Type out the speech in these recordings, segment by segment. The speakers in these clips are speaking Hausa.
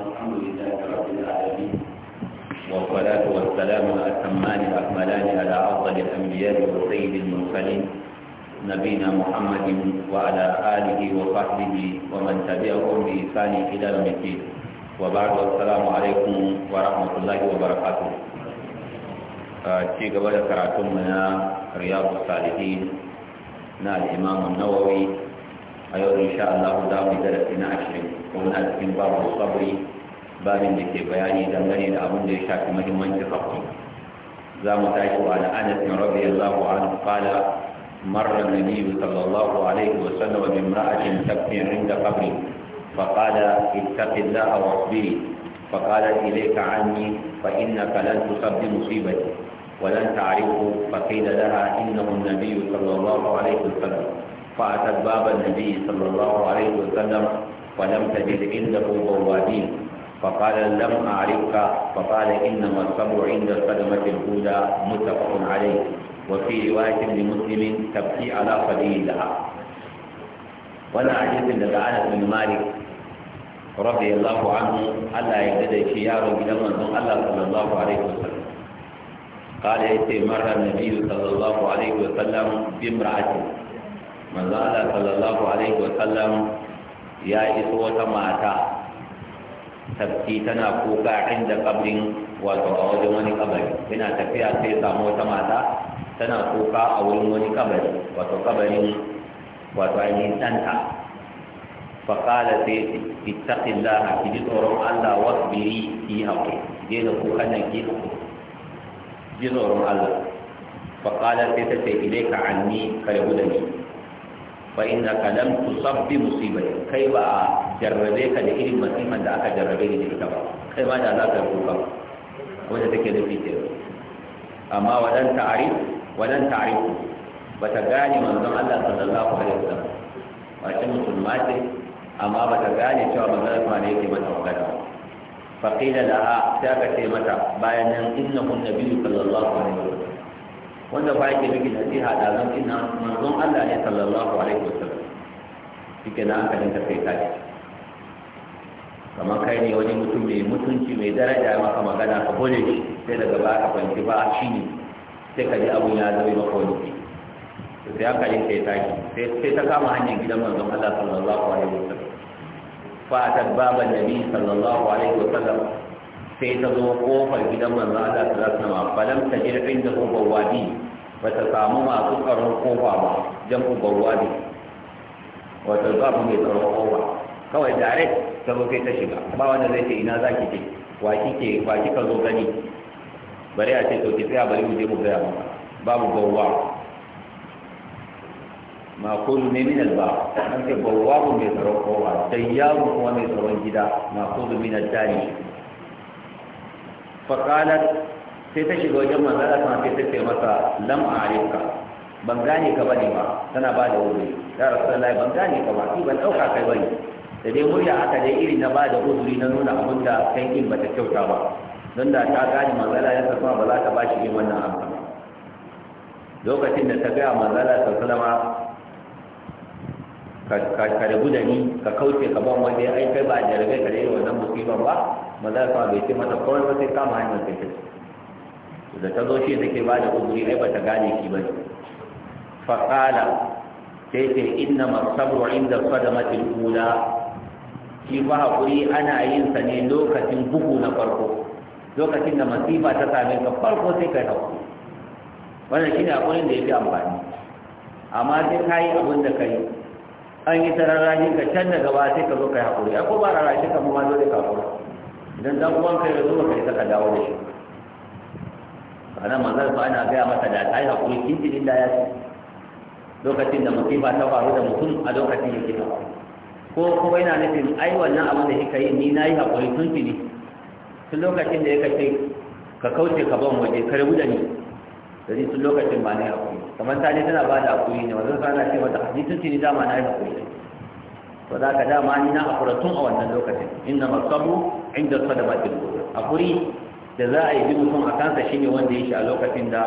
الحمد لله رب العالمين والصلاة والسلام الأتمان الأكملان على أفضل الأنبياء وسيد المرسلين نبينا محمد وعلى آله وصحبه ومن تبعهم بإحسان إلى يوم الدين وبعد السلام عليكم ورحمة الله وبركاته na riyadu nawawi a insha Allah za mu ashirin ومن أتكين باب الصبر باب لكي بياني دمني لأبن دي شاك مهمان تفقه زام تاشو عن أنس رضي الله عنه قال مر النبي صلى الله عليه وسلم بامرأة تبكي عند قبري فقال اتق الله واصبري فقالت إليك عني فإنك لن تصب مصيبتي ولن تعرفه فقيل لها إنه النبي صلى الله عليه وسلم فأتت باب النبي صلى الله عليه وسلم ولم تجد عنده بوابين فقال لم أعرفك فقال إنما الصبر عند القدمة الأولى متفق عليه وفي رواية لمسلم تبكي على قليل لها وانا حديث daga Anas bin Malik radiyallahu anhu Allah ya gada shi yaro gidan manzon Allah sallallahu alaihi wasallam قال يتي مر النبي صلى الله عليه وسلم بامرأته manzon Allah sallallahu alaihi wasallam ya iso wata mata Tafi tana kuka inda kabrin wato a wajen wani kabari yana tafiya sai samu wata mata tana kuka a wurin wani kabari wato kabarin wato ainihin ɗanta faƙala sai ce laha ki ji tsoron Allah biri ki yi hauke, ki je da kukan nan ki haƙuri ji tsoron Allah faƙala sai ta ce ilai ka anni ka rabu da ni fa ka lam tusab bi musibati kai ba a jarrabe ka da irin musiban da aka jarrabe ni da ita ba kai ma da za ka kuka wanda take da fice amma wadan ta'arif wadan ta'arif ta gane manzon Allah sallallahu alaihi wasallam wace musulma ce amma ba ta gane cewa manzon Allah ne yake mata magana fa qila laha ta ka ce mata bayan nan innahu nabiyyu sallallahu alaihi wasallam wanda ba yake miki nasiha da zan na manzon Allah ne sallallahu alaihi wasallam shike na hankalin ka sai Ka kamar kai ne wani mutum mai mutunci mai daraja maka magana ka bone shi sai daga ba ka kwanci ba a shi ne sai ka ji abun ya zama maka wani sai hankalin ka ya sai ta kama hanyar gidan manzon Allah sallallahu alaihi wasallam fa ta baban nabi sallallahu alaihi wasallam sai ta zo kofar gidan manzo Allah ta zasu nama falam ta jira inda ko bawabi ba ta samu masu tsaron kofa ba ko bawabi wato babu mai tsaron kofa kawai dare ta zo sai ta shiga ba wanda zai ce ina zaki ce wa kike wa kika zo gani bare a ce to ki tsaya bari mu je mu ga babu ma makulu ne min alba an ce mu mai tsaron kofa tayyaru kuma mai tsaron gida makulu min al faƙalar sai ta shiga wajen manzara sama sai ta ce masa lam a arifka ban gane ka bane ba tana ba da wuri ya rasu ban gane ka ba ban ɗauka kai bane da dai murya aka dai irin na ba da uzuri na nuna abin da kan ba bata kyauta ba don da ta gane manzara ya sa ba za ta ba shi yin wannan amsa lokacin da ta gaya manzala sallama ka rabu da ni ka kauce ka ban wanda ya kai ba a jarabe ka dai wannan musibar ba maza ta bai ce mata kawai ba sai kama hanyar sai ta da ta zo shi da ke ba da uzuri ai ba ta gane shi ba ne faƙala sai ce inna masabru inda sadamatil ula shi ba haƙuri ana yin sa ne lokacin bugu na farko lokacin da masifa ta same ka farko sai kai haƙuri wannan shine haƙurin da ya fi amfani amma sai ka yi abin da ka yi an yi tararrahin ka can daga ba sai ka zo ka yi haƙuri ko ba rarrashi ka ma zo da ka idan dan uwan kai da ba ka yi saka dawo da shi ana manzar ba ana gaya masa da ta yi haƙuri din da ya ce lokacin da musifa ta faru da mutum a lokacin ya kita ko kuma yana nufin ai wannan abin da kika yi ni na yi haƙuri tun fili tun lokacin da ya kace ka kauce ka ban waje ka rabu da ni da tun lokacin ba na yi haƙuri kamar ta ne tana ba da hakuri ne wanzan sana ce mata ni tun ne dama na yi hakuri to za ka dama ni na hakura tun a wannan lokacin inda masabu inda sadaqatil hakuri da za a yi bi mutum a kansa shine wanda ya shi a lokacin da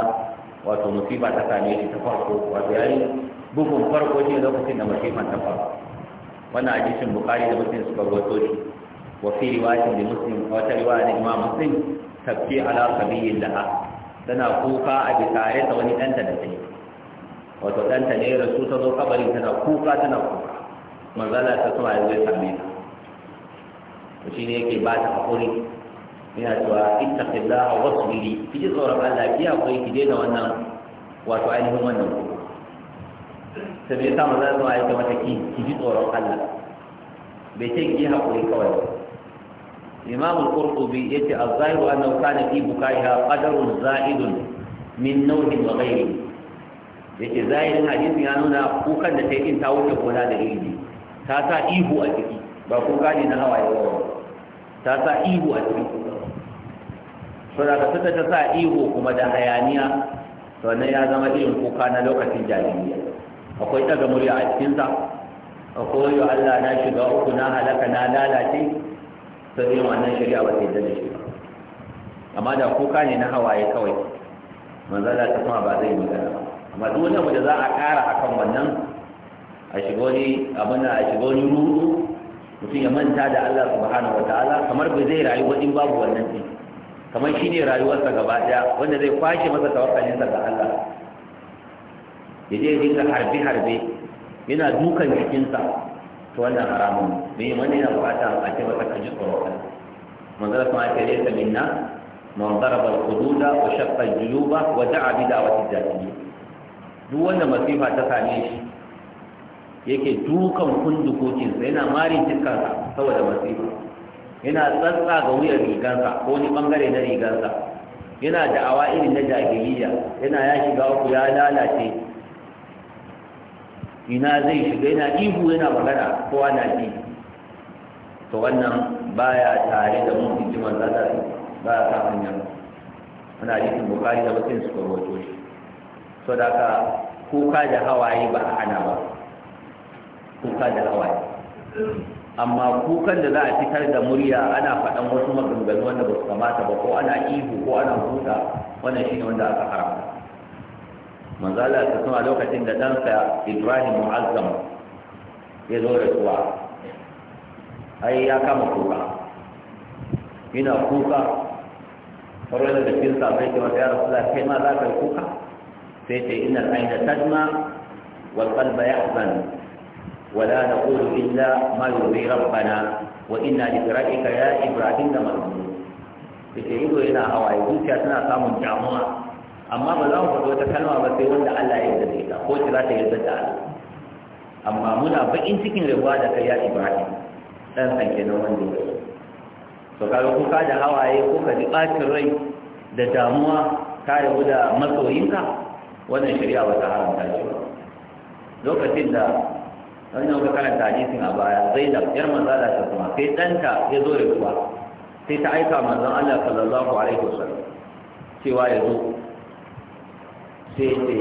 wato musiba ta same shi ta farko wato yayin bugun farko shi lokacin da musiba ta farko wannan hadisin bukhari da mutum suka rawaito shi wa fi riwayatin da muslim wata riwaya da imam muslim tabki ala qabiyyin laha tana kuka a bisare ta wani danta da take wato ɗanta ne rasu ta zo kabarin tana kuka tana kuka manzala ta sama ya zai same ta shi ne yake ba ta haƙuri yana cewa ita za a ittaqillaha wasbiri kiji tsoron Allah ki haƙuri ki daina wannan wato ainihin wannan kuka sai bai sa manzala sama ya ce mata ki kiji tsoron Allah bai ce ki haƙuri kawai imam al-qurtubi yace az-zahiru annahu kana fi bukaiha qadarun za'idun min nawhin wa ghayrihi ke zahirin hadisin ya nuna kukan da ta yi ta wuce kuna da iri ta sa ihu a ciki ba kuka ne na hawaye ba ta sa ihu a ciki da ka ta sa ihu kuma da hayaniya wannan ya zama irin kuka na lokacin jahiliya akwai daga murya a cikinsa akwai yau Allah na shiga uku na halaka na lalace ta yi wannan shari'a ba sai da shi amma da kuka ne na hawaye kawai manzala ta kuma ba zai magana ba amma duk wani abu da za a ƙara akan wannan a shiga wani abin a shiga wani ruru mutum ya manta da Allah subhanahu wataala kamar bai zai rayu in babu wannan din kamar shi ne rayuwarsa gaba daya wanda zai kwashe masa tawakkalinsa ga Allah ya je dinga harbe harbe yana dukan jikinsa to wannan haramun me wanda yana bukata a ce masa ka ji tsoron Allah manzara kuma ake laysa minna man daraba al-hududa wa shaqqa al-juyuba wa da'a bi da'wati al-jahiliyya duk wanda masifa ta same shi yake dukan kundukokinsa yana marin cikinsa saboda masifa yana tsatsa ga wuyar rigansa ko wani bangare na rigansa yana da'awa irin na jahiliya yana ya shiga uku ya lalace ina zai shiga yana ihu yana magana ko ana ji to wannan baya tare da mun jimar zata ba ya hanyar ana jikin bukari da mutum su karoto shi so da ka kuka da hawaye ba a hana ba kuka da hawaye amma kukan da za a fitar da murya ana faɗan wasu maganganu wanda ba su kamata ba ko ana ihu ko ana huta wannan shi ne wanda aka haramta manzala ta suna lokacin da ɗansa ibrahim mu'azzam ya zo da tuwa ai ya kama kuka Ina kuka farwada da cikin sa bai ke masa ya rasu kai ma za ka yi kuka sai ce innal aina tadma wal qalba yahzan ولا نقول إلا ما يرضي ربنا وإنا لفرائك يا إبراهيم sai yace ido yana hawaye zuciya tana samun damuwa amma ba za mu faɗi wata kalma ba sai wanda Allah ya yarda da ita ko ta za ta yarda da Allah amma muna bakin cikin rabuwa da kai ya Ibrahim dan san kenan wanda ya to kaga kuka da hawaye kuka ka ji bacin rai da damuwa ka rabu da masoyinka wannan shari'a ba ta haramta shi ba lokacin da wani nauka karanta hadisin a baya zainab yar manzala ta kuma sai ɗanta ya zo da kuwa sai ta aika manzon allah sallallahu alaihi wasallam cewa ya zo sai ce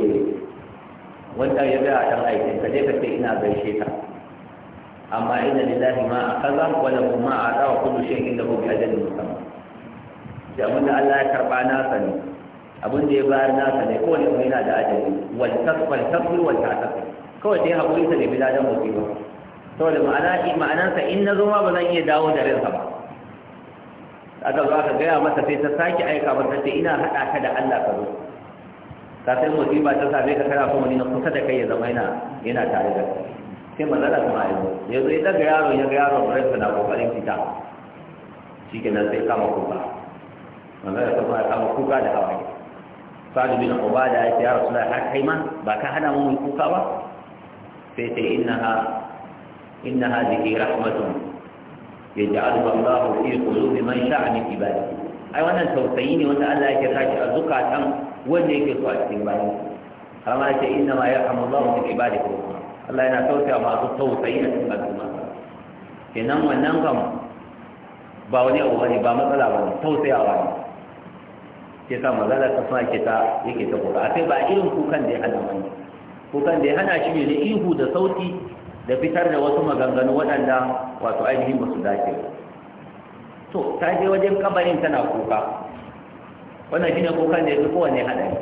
wanda ya ga dan aikin ka je ka ce ina gaishe ta amma inna lillahi ma akaza wa lahu ma ata wa kullu shay'in lahu bi ajalin musamma da mun Allah ya karba na sani abin da ya bayar nasa ne kowane kuma yana da ajali waltakfir waltakfir kawai sai haƙuri ta nemi ladan mutu ba saboda ma'ana ma'anansa in na zo ma ba zan iya dawo da rinsa ba aka zo aka gaya masa sai ta sake aika masa sai ina haɗa ka da Allah ka zo ka sai musiba ta same ka kana kuma ni na kusa da kai ya zama yana tare da kai sai manzala kuma ya zo ya zo ya daga yaro ya ga yaro rinsa na ƙoƙarin fita shi nan sai kama kuka manzala kuma ya kama kuka da hawaye sa'adu bin ubada ya ce ya rasulullah har haka ma ba ka hana mun mun kuka ba sai ce innaha ha zikri rahmatun yaj'aluha Allahu fi qulubi man sha'a min ibadihi ai wannan tausayi ne wanda Allah ya yake saki a zukatan wanda yake so a cikin bayan amma ce inna ma yarhamu Allahu min ibadihi Allah yana tausaya masu tausayi a cikin al'umma kenan wannan kam ba wani abu bane ba matsala ba bane tausayawa ne ke sa magana ta fa ke ta yake ta kuka akai ba irin kukan da ya hana wani kukan da ya hana shi ne da ihu da sauti da fitar da wasu maganganu waɗanda wato ainihin ba su dace ba to ta je wajen kabarin tana kuka wannan shine kukan da ya fi kowane haɗari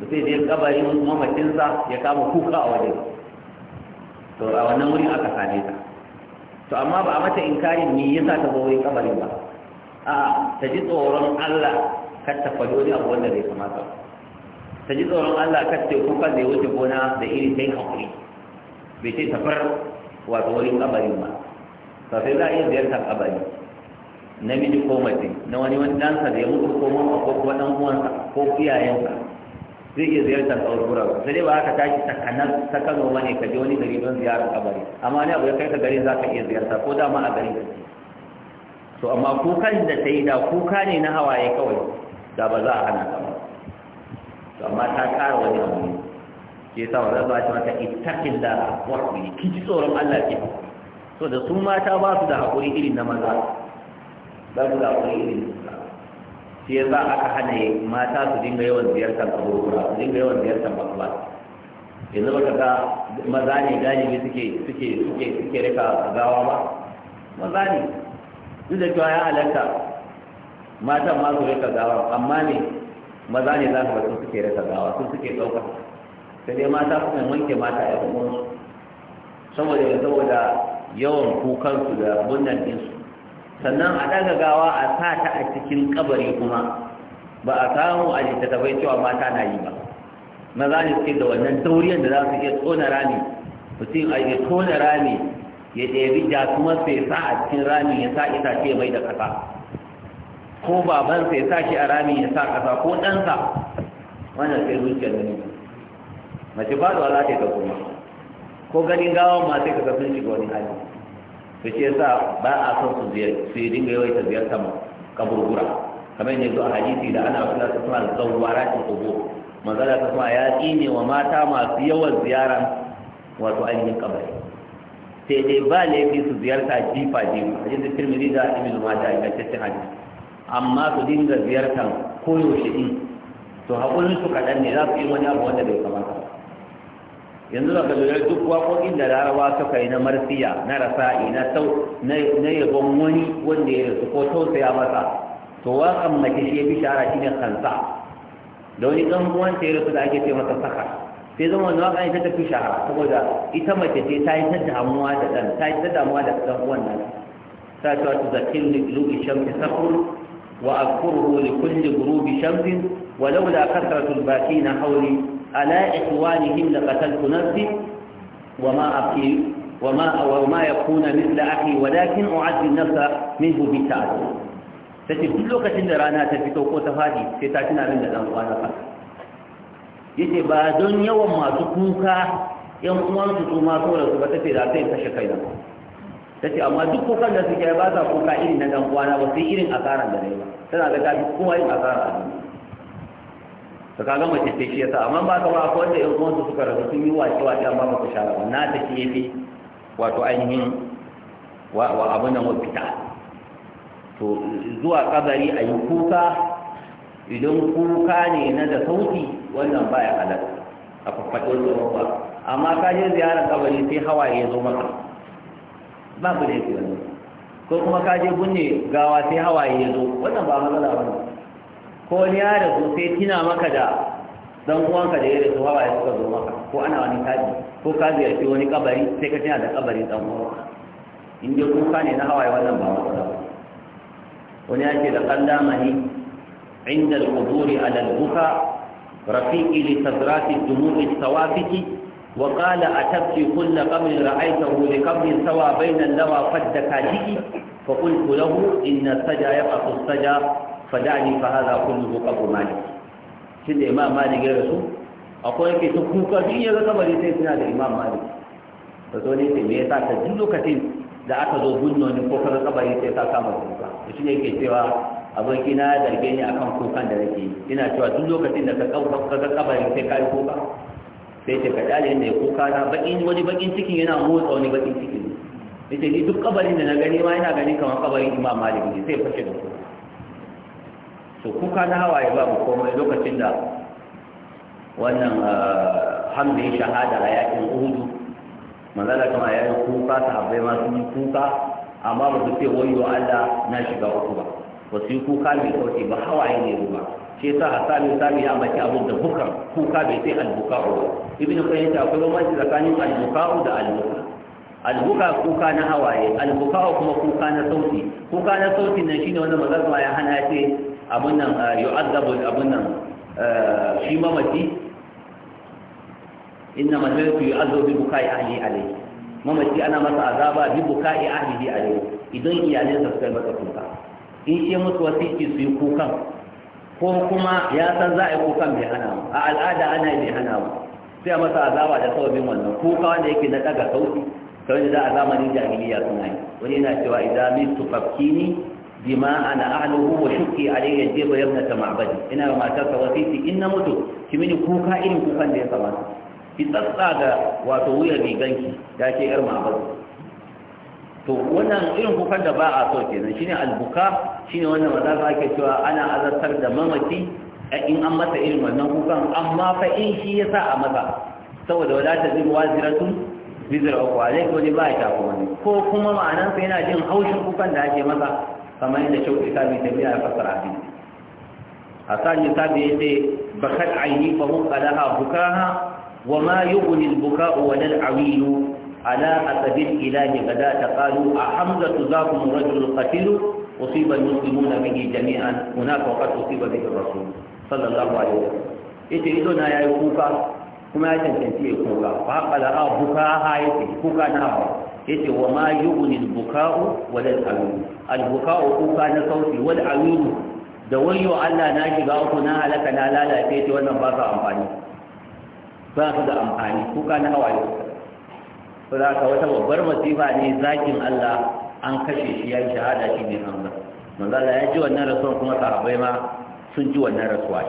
da sai je kabarin mamacinsa ya kama kuka a wajen to a wannan wurin aka same ta to amma ba a mata inkarin ya yasa ta zo kabarin ba a'a ta ji tsoron Allah kar ta faɗi wani abu wanda zai kamata ta ji tsoron Allah kar ta kuka zai wuce gona da iri sai hakuri bai ce tafar wato wurin kabari ba to sai za a iya ziyartar kabari namiji ko mace na wani wani dansa da ya mutu ko mama ko kuma ɗan uwansa ko iyayensa zai iya ziyartar kaburbura sai dai ba haka tashi ta kanan ta kano bane ka je wani gari don ziyarar kabari amma wani abu ya kai ka gari za ka iya ziyarta ko dama a gari to amma kuka da ta yi da kuka ne na hawaye kawai da ba za a hana ka ba to amma ta ƙara wani abu ne ke sa wannan ba ta mata ittakin da wahwi ki ji tsoron Allah ke so da su mata ba su da haƙuri irin na maza ba su da haƙuri irin na maza shi yasa aka hana mata su dinga yawan ziyartar abubuwa su dinga yawan ziyartar babba yanzu ka ga maza ne galibi suke suke suke suke rika gawa ba maza ne duk da cewa ya halatta matan ma su rika gawa amma ne maza ne za ka su suke rika gawa sun suke ɗauka sai dai mata kuma wanke mata a su saboda saboda yawan kukansu da bunnan dinsu sannan a ɗaga gawa a sa ta a cikin kabari kuma ba a samu a bai cewa mata na yi ba maza ne suke da wannan tauriyan da za su iya tsona rami mutum a iya tsona rami ya ɗebi jakumar sai sa a cikin rami ya sa itace mai da ƙasa ko babansa ya sa a rami ya sa ƙasa ko ɗansa wannan sai zuciyar da ne mace ba da za ta yi ga kuma ko ganin gawa ma sai ka sun shiga wani hali ta ce sa ba a son su ziyar su yi dinga yawaita ziyarta kaburbura kamar yadda a hadisi da ana kula ta suna zawara ta kogo manzala ta suna ya tsine wa mata masu yawan ziyaran wato ainihin kabari sai dai ba laifi su ziyarta jifa jifa hadisi tirmidhi da ibnu majah ingantaccen hadisi amma su dinga ziyartar koyaushe din to haƙurin su kaɗan ne za su yi wani abu wanda bai kamata yanzu da kajiyar duk waƙoƙin da larawa ta kai na marsiya na rasa'i na sau na yabon wani wanda ya rasu ko tausaya masa to waƙan mace shi ya fi shahara shi ne kansa da wani ɗan uwan ta ya rasu da ake ce masa saka sai zama wani waƙa ita ta fi shahara saboda ita mace ce ta yi ta damuwa da ɗan ta yi ta damuwa da ɗan uwan nan ta ce wata zakin lukishan fi sakur وأذكره لكل غروب شمس ولولا كثرة الباكين حولي ألا إخوانهم لقتلت نفسي وما أبكي وما وما يكون مثل أخي ولكن أعزي النفس منه بالتعب tace duk lokacin da rana ta fito ko ta fadi sai ta tuna min da dan uwa ta fadi yace ba don yawan masu kuka yan uwan su su ma su ba tace da sai kashe kai da ta ce amma duk kukan da suke ba sa kuka irin na dan kwana ba sai irin asaran da rai ba tana ga tafi kuma yin asara a duniya ta kaga mace ce shi yasa amma ba ka ba akwai wanda ƴan uwansu suka rasu sun yi wace wace amma ba ku shara ba na ta ke yafi wato ainihin wa abin nan wa fita to zuwa kabari a yi kuka idan kuka ne na da sauti wannan baya halar a faɗo tsoron ba amma ka je ziyarar kabari sai hawaye ya zo maka ba ku da yake wani ko kuma ka je bunne gawa sai hawaye ya zo wannan ba matsala ba ne ko ni ya su sai tina maka da dan uwanka da ya su hawaye suka zo maka ko ana wani taji ko ka ziyarci wani kabari sai ka tina da kabarin dan uwanka in dai kuka ne na hawaye wannan ba matsala ba wani ya ce da kallamani ala al buka rafiqi li sadrati dumu'i tawafiki وقال أتبكي كل قبر رأيته لقبر سوى بين اللوى قد دكاته فقلت له إن السجى يبعث السجى فدعني فهذا كله قبر مالك سيد إمام مالك يا أقول لك تكون قضية قبر سيدنا الإمام مالك فقال لي سيدنا sai كتير da aka zo gunno ne ko kaga kabari sai ka kama kuka shi yake cewa na zarge ni akan kukan da nake ina cewa duk lokacin da ka kaga sai ka yi kuka sai ce ka kyale ya kuka na baƙin wani baƙin cikin yana motsa wani baƙin cikin ce ni duk kabarin da na gani ma yana gani kamar kabarin Imam malibu ne sai fashe da kuka to kuka na hawaye mu komai lokacin da wannan ah, hamdin shahada a yakin uhudu manzala kama ya yi kuka sahabbai ma sun yi kuka amma ba su ce wa Allah na shiga uku ba ba su yi kuka mai sauki ba hawaye ne ruwa shi sa a sami ya mace abin da bukar kuka bai sai albuka ba ibn fahimta, ta akwai bambanci tsakanin al-buka'u da albuka. Albuka kuka na hawaye al-buka'u kuma kuka na sauti kuka na sauti nan shine wanda manzo ya hana ce abun nan ah, yu'azzabu abun nan ah, shi mamaci inna masalatu yu'azzabu bi buka'i ahli alayhi mamaci ana masa azaba bi buka'i ahlihi alayhi idan iyalinsa suka yi masa kuka in shi musu wasiki su yi kukan ko kuma ya san za a yi kukan bai hana mu a al'ada ana bai hana mu sai masa azaba da sababin wannan kuka wanda yake na daga sauti ta za a zamanin jahiliya suna yi wani yana cewa idan mitu fafkini bima ana ahluhu wa shukki alayya jibu yabnata ma'badi ina ga matarsa wasiti in na mutu ki mini kuka irin kukan da ya kamata ki tsatsa ga wato wuyar riganki da ke yar ma'badi to wannan irin kukan da ba a so kenan shine albuka shine wannan maza ake cewa ana azartar da mamaci in an masa irin wannan kukan amma fa in shi ya sa a masa saboda wadatar ta zira waziratun bizira uku alai ko ba ya kuma wani ko kuma ma'anan yana jin haushin kukan da ake masa kamar yadda shauki ta mai tafiya ya fasara abin hasan ya sabi ya ce bakat aini fa muqalaha bukaha wa ma yughni al-buka'u wa al-awilu على أسد الإله ku قالوا أحمزة ذاكم رجل قتيل أصيب المسلمون به جميعا هناك وقد أصيب به الرسول sallallahu alaihi wasallam ita ido na yi kuka kuma ya cancanci ya kuka fa qala a ah, buka ha yace kuka na Ya yace wa ma yi al buka'u wal alun al buka'u kuka na sauti wal alun da wayo Allah na shiga uku na halaka na lalace yace wannan ba su amfani ba ka da amfani kuka na hawaye saboda ka wata babbar masifa ne zakin Allah an kashe shi ya yi shahada shi ne hamza manzo Allah ya ji wannan rasuwan kuma sahabbai ma sun ji wannan rasuwa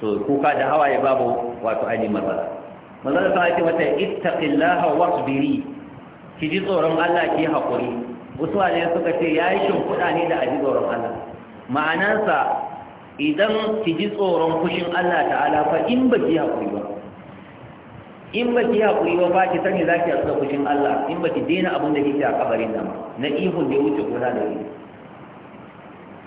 so kuka da hawaye babu wato ainihin matsala matsala ta ake mata ittaqillaha biri, ki ji tsoron Allah ki haƙuri wasu ne suka ce ya yi kuɗa ne da aji tsoron Allah ma'anansa idan ki ji tsoron fushin Allah ta'ala fa in ba ki haƙuri ba in ba ki haƙuri ba ba ki sani za ki haƙuri fushin Allah in ba ki daina abin da kike a kabarin nan na ihun da ya wuce gona da ihu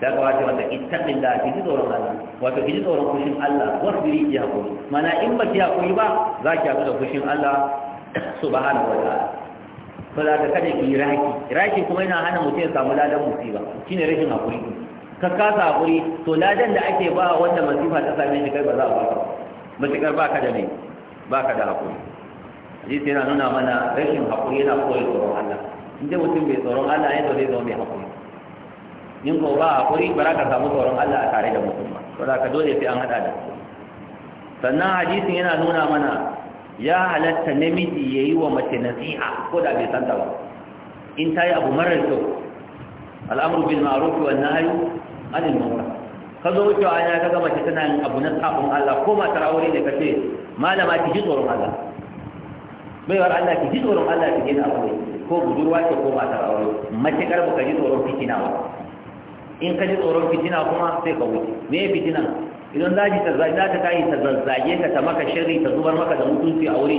da ga wace wata ittaqilla ki ji tsoron Allah wato ki ji tsoron fushin Allah wasbiri ki hakuri mana in ba ki hakuri ba za ki haɗu da fushin Allah subhanahu wa ta'ala to da ka kada ki raki raki kuma yana hana mutum ya samu ladan musiba shine rashin hakuri ka kasa hakuri to ladan da ake ba wanda masifa ta same shi kai ba za a ba ka matukar ba ka da ne ba ka da hakuri hadisi yana nuna mana rashin hakuri yana koyi tsoron Allah inda mutum bai tsoron Allah ya zo zai zama mai hakuri in ko ba hakuri ba za ka samu tsoron Allah a tare da mutum ba za ka dole sai an hada da sannan hadisin yana nuna mana ya halatta namiji yi wa mace nasiha ko da bai san ta ba in yi abu marar kyau al'amru bil ma'ruf wa nahyi anil munkar ka zo wucewa ana ka ga mace tana yin abu na tsafin Allah ko matar ne da kace malama ki ji tsoron Allah baiwar Allah ki ji tsoron Allah ki gina aure ko budurwa ce ko matar aure mace kar ka ji tsoron fitina ba in ka ji tsoron fitina kuma sai ka wuce me fitina idan za ta za ta kai ta zazzage ka ta maka shirri ta zubar maka da mutunci a wuri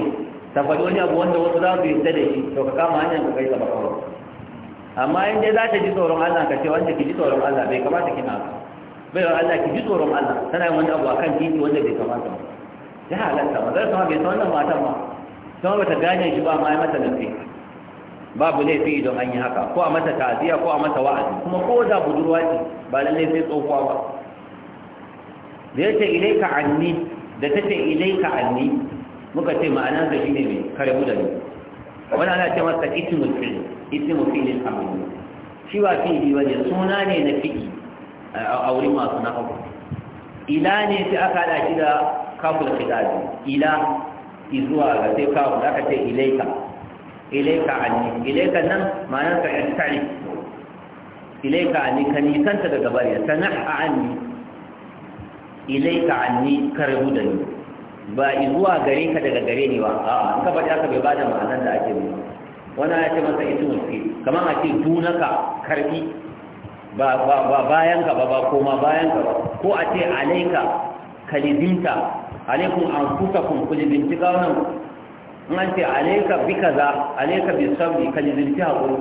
ta faɗi wani abu wanda wasu za su yi da shi to ka kama hanyar ka kai ta bakawa amma in dai za ta ji tsoron Allah ka ce wanda ki ji tsoron Allah bai kamata kina ba bai wa Allah ki ji tsoron Allah tana yin wani abu a kan titi wanda bai kamata ba ya halatta ma zai sama bai san wannan matan ba sama bata gane shi ba ma ya mata nufi babu laifi idan an yi haka ko a mata taziya ko a mata wa'azi kuma ko da budurwa ce ba lallai sai tsofa ba da yace ilaika anni da tace ilaika anni muka ce ma'anar da shine mai kare mu da ni wani ana ce masa ismul fi'l ismul fi'l al-amri shi ba fi'li bane suna ne na fi'li a wurin masu nahawu ila ne sai aka hada shi da kafin khidabi ila izuwa ga sai kaful aka ce ilaika ilaika anni ilaika nan ma'anar ka yastari ilaika anni ka nisanta daga bari sanah anni ilaika anni ka rabu da ni ba zuwa gare ka daga gare ni ba a'a in ka faɗi aka bai bada ma'anar da ake nuna wani ya ce masa ismu fi kamar a ce dunaka karbi ba ba bayan ka ba ba koma bayan ka ba ko a ce alaika kalizimta alaikum anfusakum kulibintika wannan in an ce alaika bi kaza alaika bi sabri ka lizinci haƙuri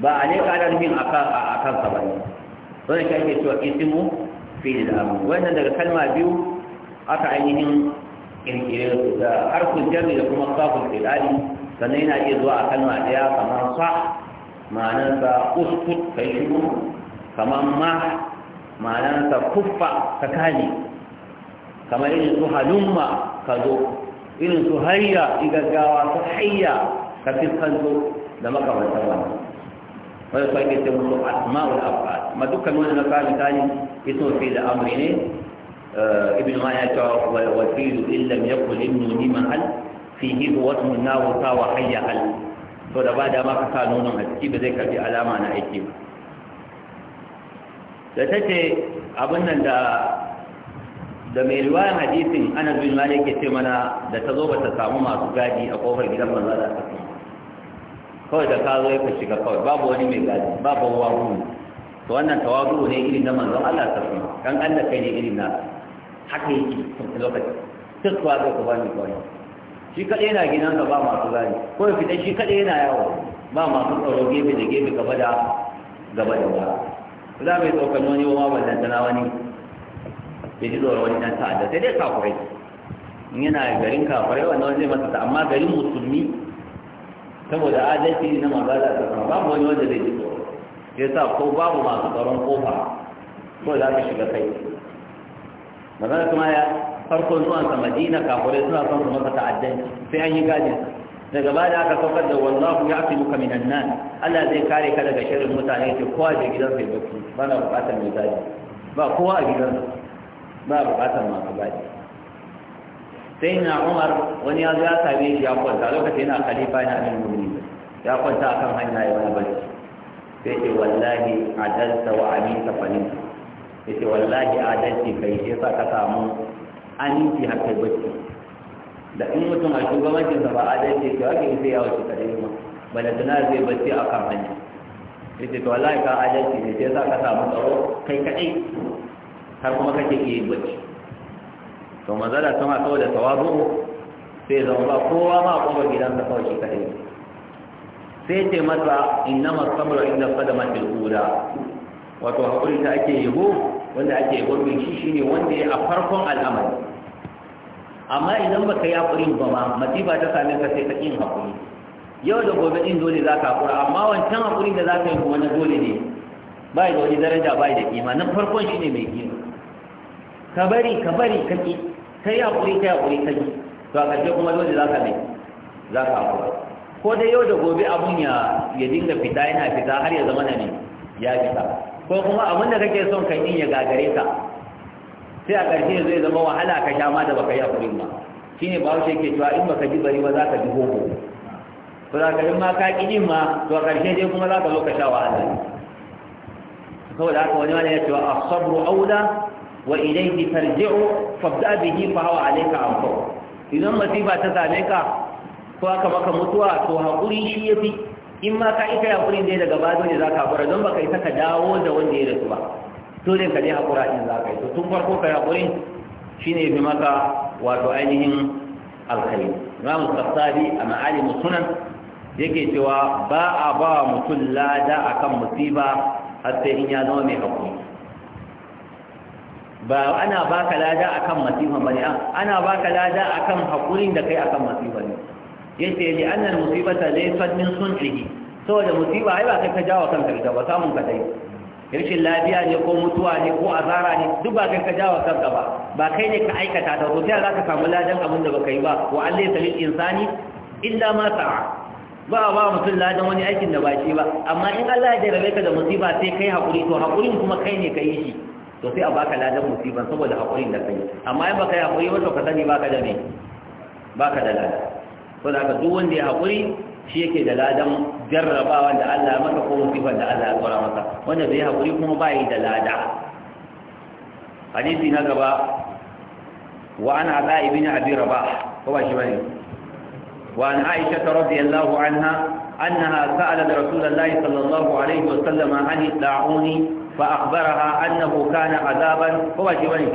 ba alaika ana min a kanka ba Wannan wanda shi ake cewa isimu fi'il amr wannan daga kalma biyu aka ainihin kirkire da harkun jarri da kuma kafin filali sannan yana iya zuwa a kalma ɗaya kamar sa ma'anar sa uskut kai shigo kamar ma ma'anar sa kuffa ka kane kamar irin su halumma ka zo irin su hayya igaggawa su hayya ka fiskanto da makamantar wani wani su ake ce musu asma'ul afad ma dukkan wani na kawo misali iso fi da amri ne ibn ma ya ce wa wasilu illam yakul ibnu ni mahal fihi huwa ismun nawu ta wa hayya hal to da ba da ma ka sa nonon a ciki ba zai karbi alama na aiki ba da ta ce abin nan da da mai riwayar hadisin ana bin malik ke ce mana da ta zo ba ta samu masu gadi a kofar gidan manzo da ta kawai da ka zo ya shiga kawai babu wani mai gadi babu wawu to wannan tawazu ne irin na manzo Allah ta fi kan Allah kai ne irin na haka yake lokaci duk wa ga kuma ne kawai shi kaɗai yana ka ba masu gadi, ko ya fita shi kaɗai yana yawo ba masu tsaro gefe da gefe gaba da gaba da wa. za mai tsokan wani wa wannan zantana wani ya ji tsoron wani ɗan ta'adda sai dai kafirai yana garin kafirai wannan wani zai masa ta amma garin musulmi saboda adalci na magana ta sama babu wani wanda zai ji tsoro ya sa ko babu masu tsaron kofa ko za ka shiga kai magana kuma ya farkon zuwan sa madina kafirai suna son su masa ta'addanci sai an yi gadin daga ba da aka saukar da wallahu ya fi muka minan nan Allah zai kare ka daga shirin mutane ke kowa da gidansa ya bacci ba na bukatar mai gadi ba kowa a gidan gidansa ba bukatar masu gadi sai na umar wani ya ya sami ya kwanta lokacin yana khalifa yana min mumini ya kwanta akan hanya ya wani barci sai ce wallahi adalta wa aminta fanin ya ce wallahi adalci kai sai sa ka samu aminci har kai barci da in mutum a sa ba adalci ke ake sai ya wuce kare ma bala tana zai barci akan hanya ya ce to wallahi ka adalci ne sai sa ka samu tsaro kai kadai har kuma kake iya yin bacci to manzala sama da tawazu sai zama ba kowa ma kuma da kawai shi kadai sai ce masa innama sabru inda qadama fil ula wato hakuri ta ake yabo wanda ake yabo mai shi shine wanda ya a farkon al'amari amma idan baka yi hakuri ba ma masifa ta same ka sai ka kin hakuri yau da gobe din dole za ka hakura amma wancan hakurin da za ka yi kuma na dole ne bai da wani daraja bai da kima na farkon shi ne mai kima ka bari ka bari ka ki ka yi haƙuri ka yi haƙuri ka ki to a ƙarshe kuma dole za ka mai za ka haƙura ko dai yau da gobe abun ya ya dinga fita yana fita har ya zama na ne ya fita ko kuma abun da kake son kan yi ya gagare ka sai a ƙarshe zai zama wahala ka sha ma da baka yi haƙurin ba Shi ne Bahaushe ke cewa in baka ji bari ba za ka ji hoho to za ka yi ma ka ƙi ma to a ƙarshe dai kuma za ka zo ka sha wahala saboda haka wani wani ya cewa asabru aula wa ilaihi tarji'u fabda bihi fa hawa alayka amfa idan masifa ta same ka ko maka mutuwa to hakuri shi yafi in ma ka ita da dai daga bazo ne zaka hakura don baka ita ka dawo da wanda ya rasu ba dole ka dai hakura in zaka yi to tun farko ka hakuri shine yafi maka wato ainihin alkhairi Imam Sassabi a ma'alimu sunan yake cewa ba a ba mutum lada akan musiba har sai in ya zama mai hakuri ba ana baka lada akan masifa bane ana baka lada akan haƙurin da kai akan masifa ne Ya yace li anna musibata laysat sun sunhihi saboda musiba ai ba kai ka jawo kanka ita ba samun ka dai rashin lafiya ne ko mutuwa ne ko azara ne duk ba kai ka jawo kanka ba ba kai ne ka aikata ta ko sai za ka samu ladan abin da baka yi ba wa Allah ya salil insani illa ma sa'a ba ba mutum ladan wani aikin da ba shi ba amma in Allah ya jarabe ka da musiba sai kai hakuri to hakurin kuma kai ne ka yi shi to sai a baka ladan musiban saboda hakurin da kai amma in baka yi hakuri ba to ka sani baka da me baka da ladan to da duk wanda ya hakuri shi yake da ladan jarrabawa da Allah ya maka ko musiban da Allah ya tsora masa wanda bai hakuri kuma bai da lada hadisi na gaba wa ana ata ibn abi rabah ko ba shi bane wa an aisha radiyallahu anha أنها سألت رسول الله صلى الله عليه وسلم عن الطاعون فأخبرها أنه كان عذابا هو جبني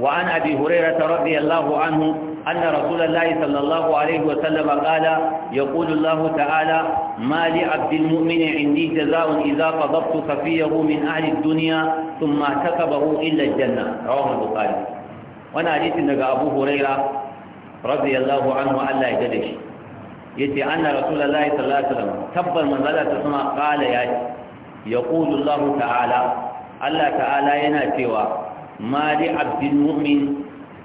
وعن أبي هريرة رضي الله عنه أن رسول الله صلى الله عليه وسلم قال يقول الله تعالى ما لعبد المؤمن عندي جزاء إذا قبضت خفيه من أهل الدنيا ثم اعتقبه إلا الجنة رواه البخاري وانا حديث لك أبو هريرة رضي الله عنه ألا يدلش yace anna rasulullahi sallallahu alaihi wasallam tabbal manzala ta sama qala ya yaqulu Allah ta'ala Allah ta'ala yana cewa ma li mu'min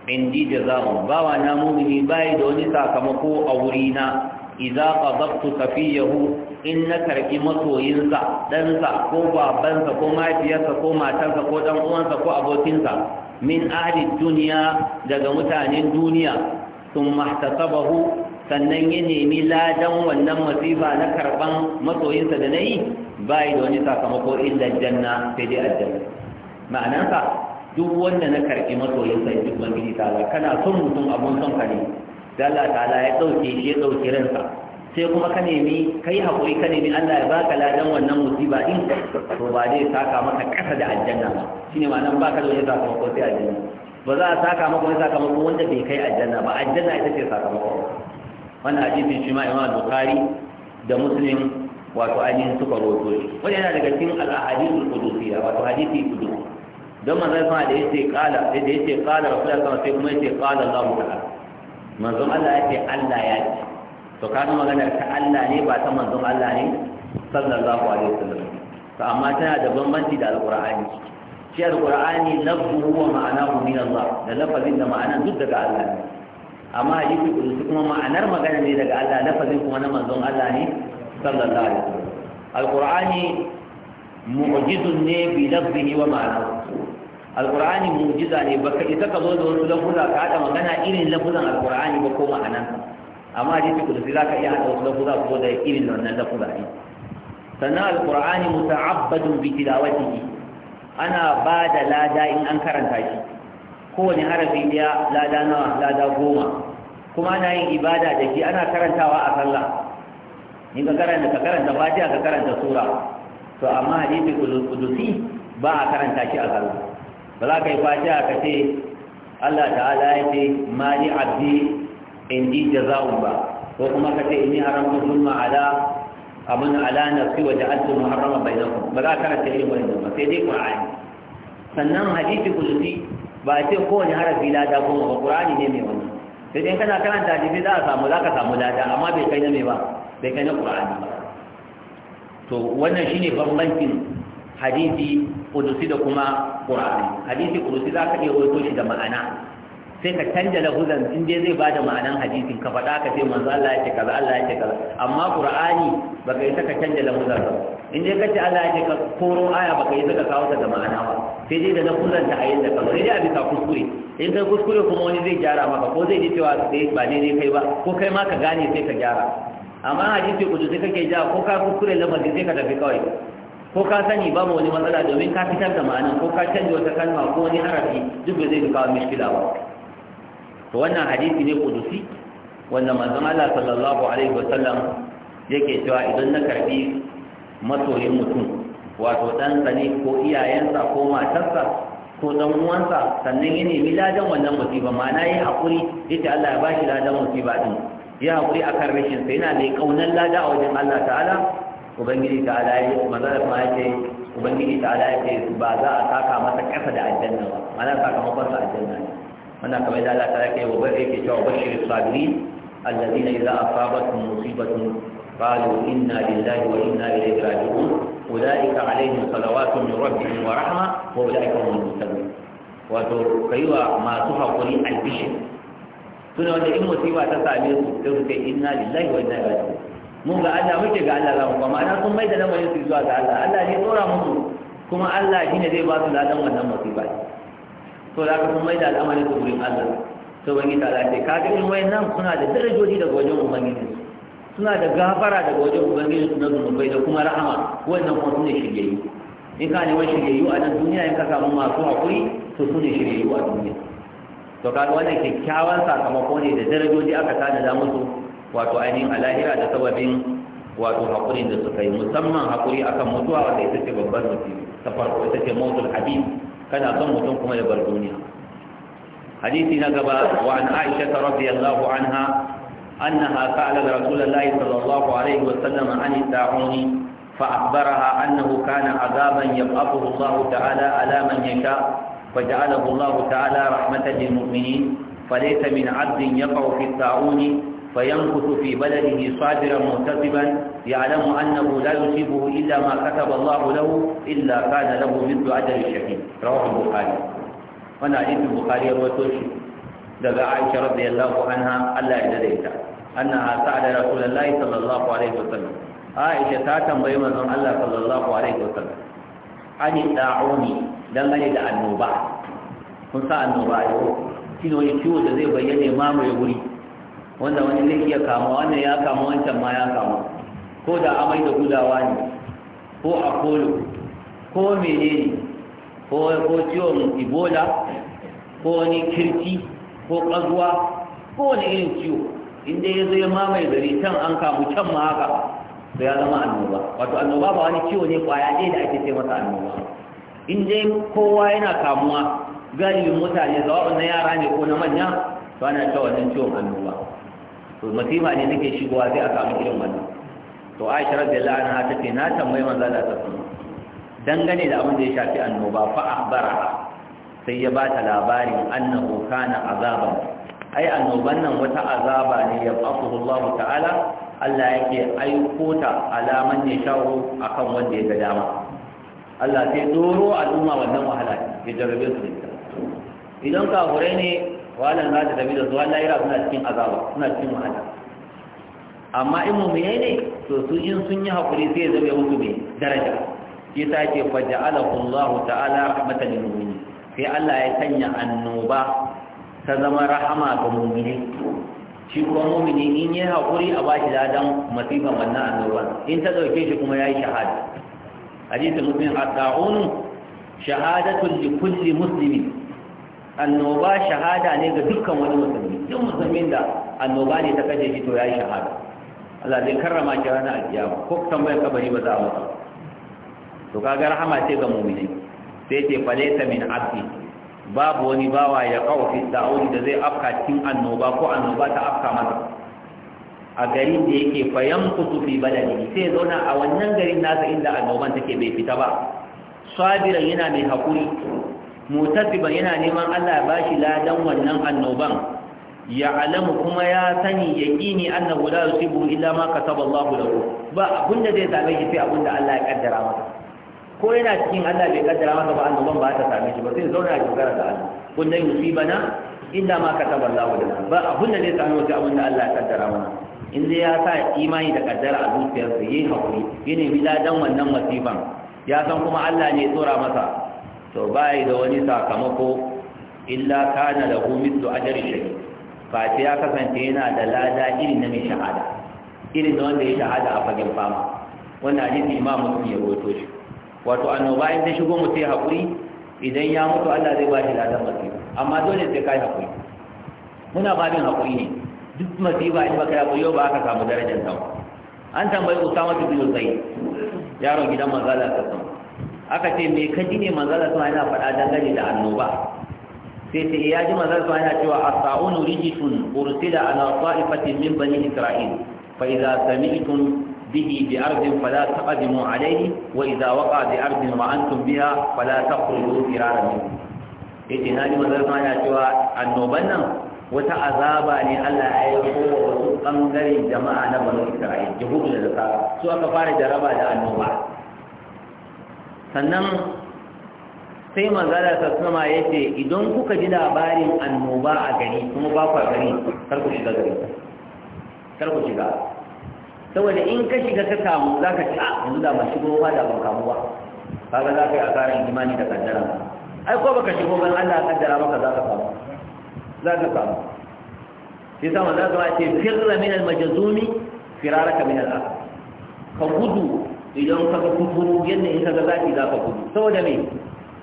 indi jazaa'un bawa na mu'mini bai da wani sakamako a wurina idza qadabtu safiyahu in na karbi masoyinsa ɗansa ko babansa ko mahaifiyarsa ko matarsa ko ɗan uwansa ko abokinsa min ahli duniya daga mutanen duniya sun mahtasabahu sannan ya nemi ladan wannan masifa na karban masoyinsa da na yi bayi da wani sakamako illa janna sai dai aljanna ma'anansa duk wanda na karɓi masoyinsa ya duk bangiji ta'ala kana son mutum abun son ka ne da Allah ta'ala ya ɗauke shi ya ɗauki ransa sai kuma ka nemi kai hakuri ka nemi Allah ya baka ladan wannan musiba din to ba zai saka maka kasa da aljanna ba shine ma'anar baka da wani sakamako sai aljanna ba za a saka maka wani sakamako wanda bai kai aljanna ba aljanna ita ce sakamako wannan hadisin shi ma imam bukhari da muslim wato ainihin suka roto shi wani yana daga cikin al'ahadisul qudusiyya wato hadisi qudus don manzon sama da yace qala da yace qala rasulullahi sallallahu alaihi wasallam sai kuma yace qala Allahu ta'ala manzon Allah yace Allah ya ce to kana magana ta Allah ne ba ta manzon Allah ne sallallahu alaihi wasallam to amma tana da bambanci da alqur'ani shi alqur'ani lafzuhu wa ma'anahu min Allah da lafazin da ma'anan duk daga Allah ne amma hadisi kudusi kuma ma'anar magana ne daga Allah na lafazin kuma na manzon Allah ne sallallahu alaihi wasallam alqur'ani mu'jizun ne bi lafzihi wa ma'anahu alqur'ani mu'jiza ne baka isa ka zo da wasu lafuza ka hada magana irin lafuzan alqur'ani ba ko ma'anan amma hadisi kudusi zaka iya hada wasu lafuza ko da irin wannan lafuza ne sannan alqur'ani muta'abbadun bi tilawatihi ana ba da lada in an karanta shi kowane harafi daya lada nawa lada goma kuma ana yin ibada da shi ana karantawa a sallah in ka karanta ka karanta fatiha ka karanta sura to amma hadisi kudusi ba a karanta shi a sallah ba za ka yi fatiha ka ce Allah ta'ala ya ce ma ni abdi in ji jaza'un ba ko kuma ka ce in haram ko zulma ala abin ala nafsi wa ja'altu muharrama bainakum ba za ka karanta irin wannan ba sai dai qur'ani sannan hadisi kudusi ba a ce kowane harafi lada goma ba qur'ani ne mai wani sai dai kana karanta hadisi za a samu za ka samu lada amma bai kai na mai ba bai kai na qur'ani ba to wannan shine bambancin hadisi kudusi da kuma kur'ani hadisi kudusi za ka iya wato shi da ma'ana sai ka canja lafuzan in dai zai bada ma'anan hadisin ka faɗa ka ce manzo Allah yake kaza Allah yake kaza amma qur'ani baka yi saka canja lafuzan ba in dai ce Allah yake ka koro aya baka yi saka kawo ta da ma'ana ba sai dai da lafuzan ta ayin da kaza sai dai a bisa kuskure in kai kuskure kuma wani zai gyara maka ko zai ji cewa sai ba ne ne kai ba ko kai ma ka gane sai ka gyara amma hadisi ku sai kake ja ko ka kuskure lafazin sai ka tafi kawai ko ka sani ba mu wani matsala domin ka fitar da ma'ana ko ka canja wata kalma ko wani harafi duk bai zai duka mishkila ba to wannan hadisi ne kudusi wanda manzon Allah sallallahu alaihi wasallam yake cewa idan na karbi masoyin mutum wato ɗansa ne ko iyayensa ko matarsa ko ɗan uwansa sannan ya nemi ladan wannan musiba na yi haƙuri yace Allah ya ba shi ladan musiba din ya haƙuri akan rashin sa yana mai kaunar lada a wajen Allah ta'ala ubangiji ta'ala ya manzara kuma yace ubangiji ta'ala ya ce ba za a saka masa ƙasa da aljanna ba a ma'ana sakamakon sa aljanna ne wannan kamar da Allah ta yake wa bai yake cewa bashir sabirin alladhina idza asabatuhum musibatun qalu inna lillahi wa inna ilayhi raji'un ulaika alaihim salawatun min rabbihim wa rahma wa ulaika hum muhtadun wato kaiwa masu hakuri albishir suna wanda in musiba ta same su sai su ce inna lillahi wa inna ilaihi raji'un mun ga Allah muke ga Allah zamu kuma ana sun mai da lamarin su zuwa ga Allah Allah ne tsora musu kuma Allah shine zai ba su ladan wannan musiba to da kuma mai da al'amari da wurin Allah to bangi ta da ka ga in nan suna da darajoji daga wajen ubangiji suna da gafara daga wajen ubangiji na zunubai da kuma rahama wannan kuma sune yi in ka neman yi a nan duniya in ka samu masu haƙuri to sune yi a duniya to ga wannan kyakkyawan sakamako ne da darajoji aka tada da musu wato ainihin alahira da sababin wato haƙurin da suka yi musamman haƙuri akan mutuwa wanda ita ce babban mutum ta farko ita ce mautul habib kana son mutum kuma ya bar duniya hadisi na gaba wa an aisha radiyallahu anha أنها سألت رسول الله صلى الله عليه وسلم عن الطاعون فأخبرها أنه كان عذابا يبعثه الله تعالى على من يشاء فجعله الله تعالى رحمة للمؤمنين فليس من عبد يقع في الطاعون فيمكث في بلده صابرا متسبا يعلم أنه لا يصيبه إلا ما كتب الله له إلا كان له مثل أجر الشهيد رواه البخاري وانا حديث البخاري وتوشي دقى عائشة رضي الله عنها ألا يجدئت أنها سأل رسول الله صلى الله عليه وسلم عائشة تاتم بيمزم الله صلى الله عليه وسلم أن الداعوني دمني دع النوبة كنت النوبة شنو يكيو جزيب يلي مامو يقولي wanda wani zai iya kama wannan ya kama wancan ma ya kama ko da amai da gudawa ne ko a kolo ko mene ne ko ciwon ibola ko wani kirki ko ƙazuwa ko wani irin ciwo inda ya zo ya mamaye gari can an kamu can ma haka to ya zama annoba wato annoba ba wani ciwo ne kwaya ɗaya da ake ce masa annoba in dai kowa yana kamuwa galibin mutane zawa'un na yara ne ko na manya to ana cewa wannan ciwon annoba to masifa ne take shigowa sai a samu irin wannan to Aisha radiyallahu anha ta ce na tambayi manzo da ta dangane da abin da ya shafi annoba fa akhbara sai ya ba ta labarin annahu kana azaban ai annoban nan wata azaba ne ya fasu Allah ta'ala Allah yake aiko ta alaman ne shawo akan wanda ya ga dama Allah sai doro al'umma wannan wahala ya jarabe su idan kafurai ne walan za ta tafi da zuwa lahira suna cikin azaba suna cikin wahala amma in mummune ne to su in sun yi haƙuri sai ya zama musu mai daraja shi ta ce faja alakullahu ta'ala rahmatan lil sai Allah ya sanya annoba ta zama rahama ga mu'mini shi kuma mu'mini in yi haƙuri a ba shi ladan masifan wannan annoban in ta ɗauke shi kuma ya yi shahada hadisi muslim at-ta'unu shahadatun li kulli muslimin annoba shahada ne ga dukkan wani musulmi duk musulmin da annoba ne ta kashe shi to ya yi shahada Allah zai karrama shi ranar alkiyama ko tambayar kabari ba za a mutu to kaga rahama ce ga mu'mini sai ce falaita min abdi babu wani bawa ya kawo fi da'uri da zai afka cikin annoba ko annoba ta afka masa a garin da yake fayan kutu fi baladi sai zauna a wannan garin nasa inda annoban take bai fita ba sabiran yana mai hakuri mutasiban yana neman Allah ya bashi ladan wannan annoban ya alamu kuma ya sani ya yaqini da la yusibu illa ma kataba Allah lahu ba da zai same shi sai da Allah ya kaddara masa ko yana cikin Allah bai kaddara masa ba annoban ba ta same shi ba sai zauna a dogara da Allah kun dai musibana illa ma kataba Allah lahu ba da zai same shi da Allah ya kaddara mana in dai ya sa imani da kaddara a zuciyarsa yayi hakuri yana miladan wannan masifan ya san kuma Allah ne ya tsora masa to bai da wani sakamako illa kana da mithlu da shahid fa Fati ya kasance yana da lada irin na mai shahada irin da wanda ya shahada a fagen fama wannan hadisi imamu muslim ya roto shi wato annoba in ta shigo mutai hakuri idan ya mutu Allah zai bashi ladan masu amma dole sai kai hakuri muna babin hakuri ne duk masifa in baka hakuri ba aka samu darajar ta an tambayi Usama biyu Zaid yaron gidan manzala ta sama aka ce me kaji ne manzala sama yana faɗa dangane da annoba sai ce ya ji manzala sama yana cewa as-sa'unu rijitun ursila ala ta'ifatin min bani isra'il fa sami sami'tum bihi bi ardin fala taqdimu alayhi wa idza waƙa bi ardin wa antum biha fala takhruju firaran minhu yace na ji manzala sama yana cewa annoban nan wata azaba ne Allah ya aiko wa wasu bangare jama'a na bani isra'il yahudu da nasara su aka fara jaraba da annoba sannan sai magana ta sama ya ce idan kuka ji labarin annoba a gari kuma ba kwa gari kar ku shiga gari kar ku shiga saboda in ka shiga ka kamu za ka ci a ah, yanzu da masu shigo ba da ban kamu ba kaga za ka yi a asarar imani da kaddara ai ko baka shigo ban Allah ya kaddara maka za ka samu za ka samu shi sama za ka ce firra min al firara ka min al-akhir ka gudu idan ka ga kuku yadda in ka ga zaki za ka gudu saboda me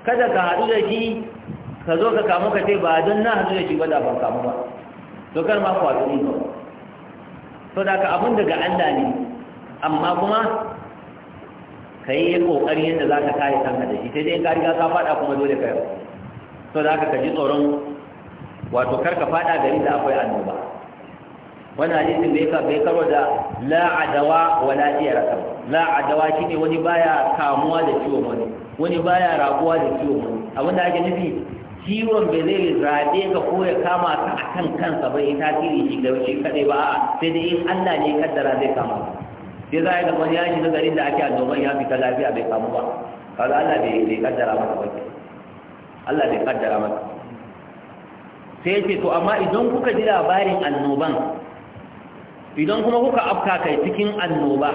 kada ka haɗu da shi ka zo ka kamu ka ce ba don na haɗu da shi ba da ban kamu ba to kar ma kwaɗo ne ba to da ka abun daga Allah ne amma kuma ka yi ƙoƙari yadda za ka kare kanka da shi sai dai ka riga ka faɗa kuma dole ka yi to da ka ji tsoron wato kar ka faɗa gari da akwai annoba wannan hadisin bai ka bai karo da la adawa wa la iyaraka la adawa shine wani baya kamuwa da ciwon wani wani baya rabuwa da ciwon wani abin da ake nufi ciwon bai zai zaɓe ka ko ya kama ka a kan kansa bai ta tasiri shi ga wuce kaɗai ba sai dai in Allah ne kaddara zai kama sai za a ga wani yaji na garin da ake annoban ya fita lafiya bai kamu ba Kaza Allah bai kaddara maka ba Allah bai kaddara maka sai ce to amma idan kuka ji labarin annoban idan kuma kuka afka kai cikin annoba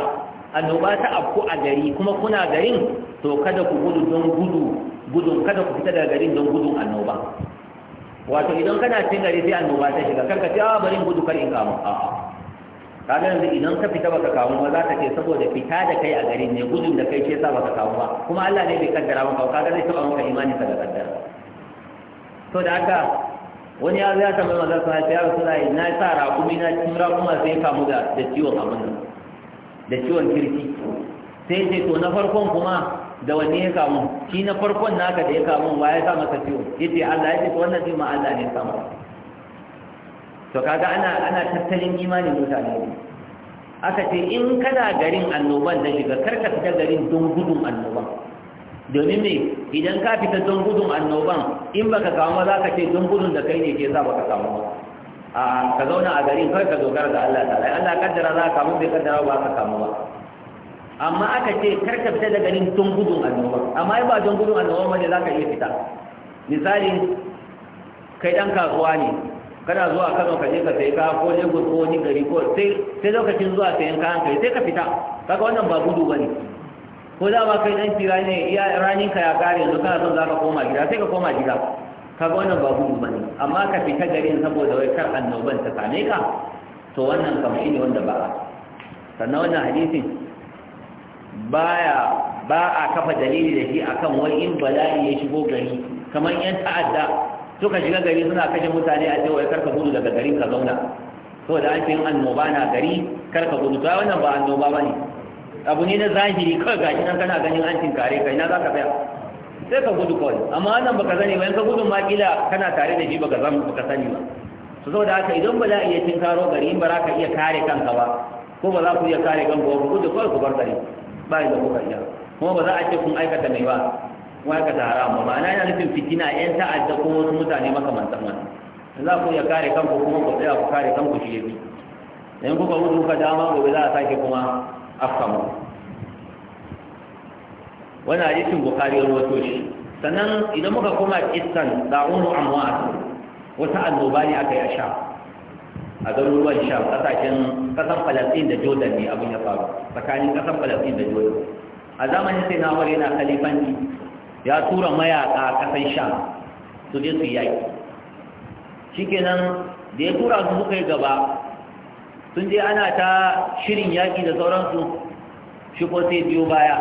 annoba ta afku a gari kuma kuna garin to kada ku gudu don gudu gudun kada ku fita daga garin don gudun annoba wato idan kana cikin gari sai annoba ta shiga karka ce a ah, barin gudu kar in kamu a'a kaga yanzu idan ka fita baka kamu ba za ka ce saboda fita da kai a garin ne gudun da kai ce sa baka kamu ba kuma Allah ne bai kaddara maka kaga zai taba maka imani ka da kaddara to da haka wani ya zai tambayi maza su haifi ya rasu yi na sa rakumi na cikin rakuma sai kamu da ciwon abin da ciwon kirki sai ce to na farkon kuma da wanne ya kamu shi na farkon naka da ya kamu wa ya sa masa ciwo ce Allah ya ce wannan zai ma Allah ne sama to kaga ana ana tattalin imanin mutane aka ce in kana garin annoban da shiga karka fita garin don gudun annoban domin ne idan ka fita don gudun annoban in baka samu za ka ce don gudun da kai ne ke ba baka samu ba a ka zauna a garin kai ka dogara ga Allah ta'ala Allah kaddara za ka samu bai kaddara ba ka samu ba amma aka ce kar ka fita da garin don gudun annoba amma ba don gudun annoba ne za ka iya fita misali kai dan kasuwa ne kana zuwa Kano ka je ka sai ka ko Lagos ko wani gari ko sai sai lokacin zuwa sayan kayan kai sai ka fita kaga wannan ba gudu bane ko da ba kai dan tira ne iya ranin ka ya kare yanzu kana son zaka koma gida sai ka koma gida kaga wannan ba gudu bane amma ka fita garin saboda wai kar annoban ta same ka to wannan kam shine wanda ba sannan wannan hadisin baya ba a kafa dalili da shi akan wai in bala'i ya shigo gari kamar yan ta'adda suka shiga gari suna kashe mutane a cewa ka gudu daga garin ka zauna saboda an ce annoba na gari kar ka gudu to wannan ba annoba bane abu ne na zahiri kawai gashi nan kana ganin an tinkare kai na za ka tsaya sai ka gudu kawai amma wannan baka sani ba in ka gudun ma kila kana tare da shi baka zan baka sani ba su saboda haka idan ba za a iya tinkaro gari in ba za ka iya kare kanka ba ko ba za ku iya kare kanka ba ku gudu kawai ku bar gari ba da ku iya kuma ba za a ce kun aikata mai ba kun aikata haram ba ma'ana yana nufin fitina yan ta'adda ko wasu mutane makamantan wannan za ku iya kare kanku kuma ku tsaya ku kare kanku shi ya bi idan kuka gudu ka dama gobe za a sake kuma afkamu wani hadisin bukari ya rawato shi sannan idan muka koma kissan da'unu amwat wata annoba ne aka yi a sha a garuruwan sha kasashen kasar falasin da jordan ne abin ya faru tsakanin kasar falasin da jordan a zamanin sai nawar yana kalifanci ya tura mayaka kasan sha su je su yaki shikenan da ya tura su suka yi gaba sun je ana ta shirin yaƙi da sauransu shi ko sai biyo baya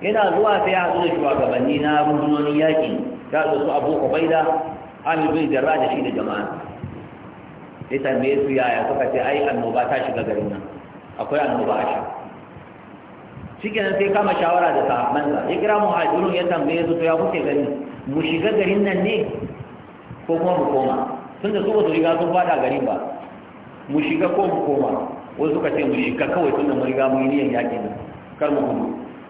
yana zuwa sai ya haɗu da shugabanni na rundunonin yaƙi ta zo su abu da amir bin jarra da shi da jama'a ya tambaye su yaya suka ce ai annoba ta shiga garin nan akwai annoba a shi. cikin sai kama shawara da sahabbansa ya kira muhajirun ya tambaye su to ya kuke gani mu shiga garin nan ne ko kuma mu koma tunda su ba su riga sun fada garin ba mu shiga ko mu koma wasu suka ce mu shiga kawai tun da mun mu yi niyan yaƙi ne kar mu gudu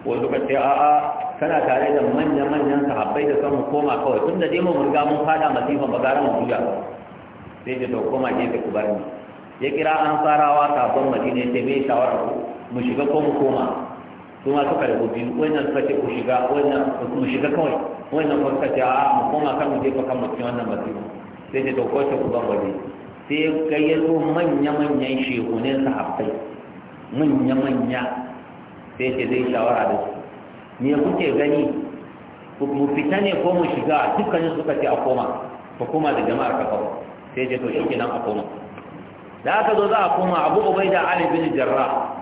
wasu suka ce a'a kana tare da manya-manyan sahabbai da son mu koma kawai tun da dai mu riga mun fada masifa ba gara mu juya sai ce to ma gefe ku bar ni ya kira an farawa sabon madina ya ce me shawara ku mu shiga ko mu koma su ma suka rabu biyu wannan suka ce ku shiga wannan mu shiga kawai wannan suka ce a'a mu koma kan mu jefa kan mutum wannan masifa sai ce to ko ku ban waje sai gayyato manya-manyan shekunin sahabbai manya-manya sai ce zai shawara da su me kuke gani mu fita ne ko mu shiga dukkanin suka ce a koma ba koma da jama'ar kafa sai ce to shi nan a koma da aka zo za a koma abu ubai da ali bin jarra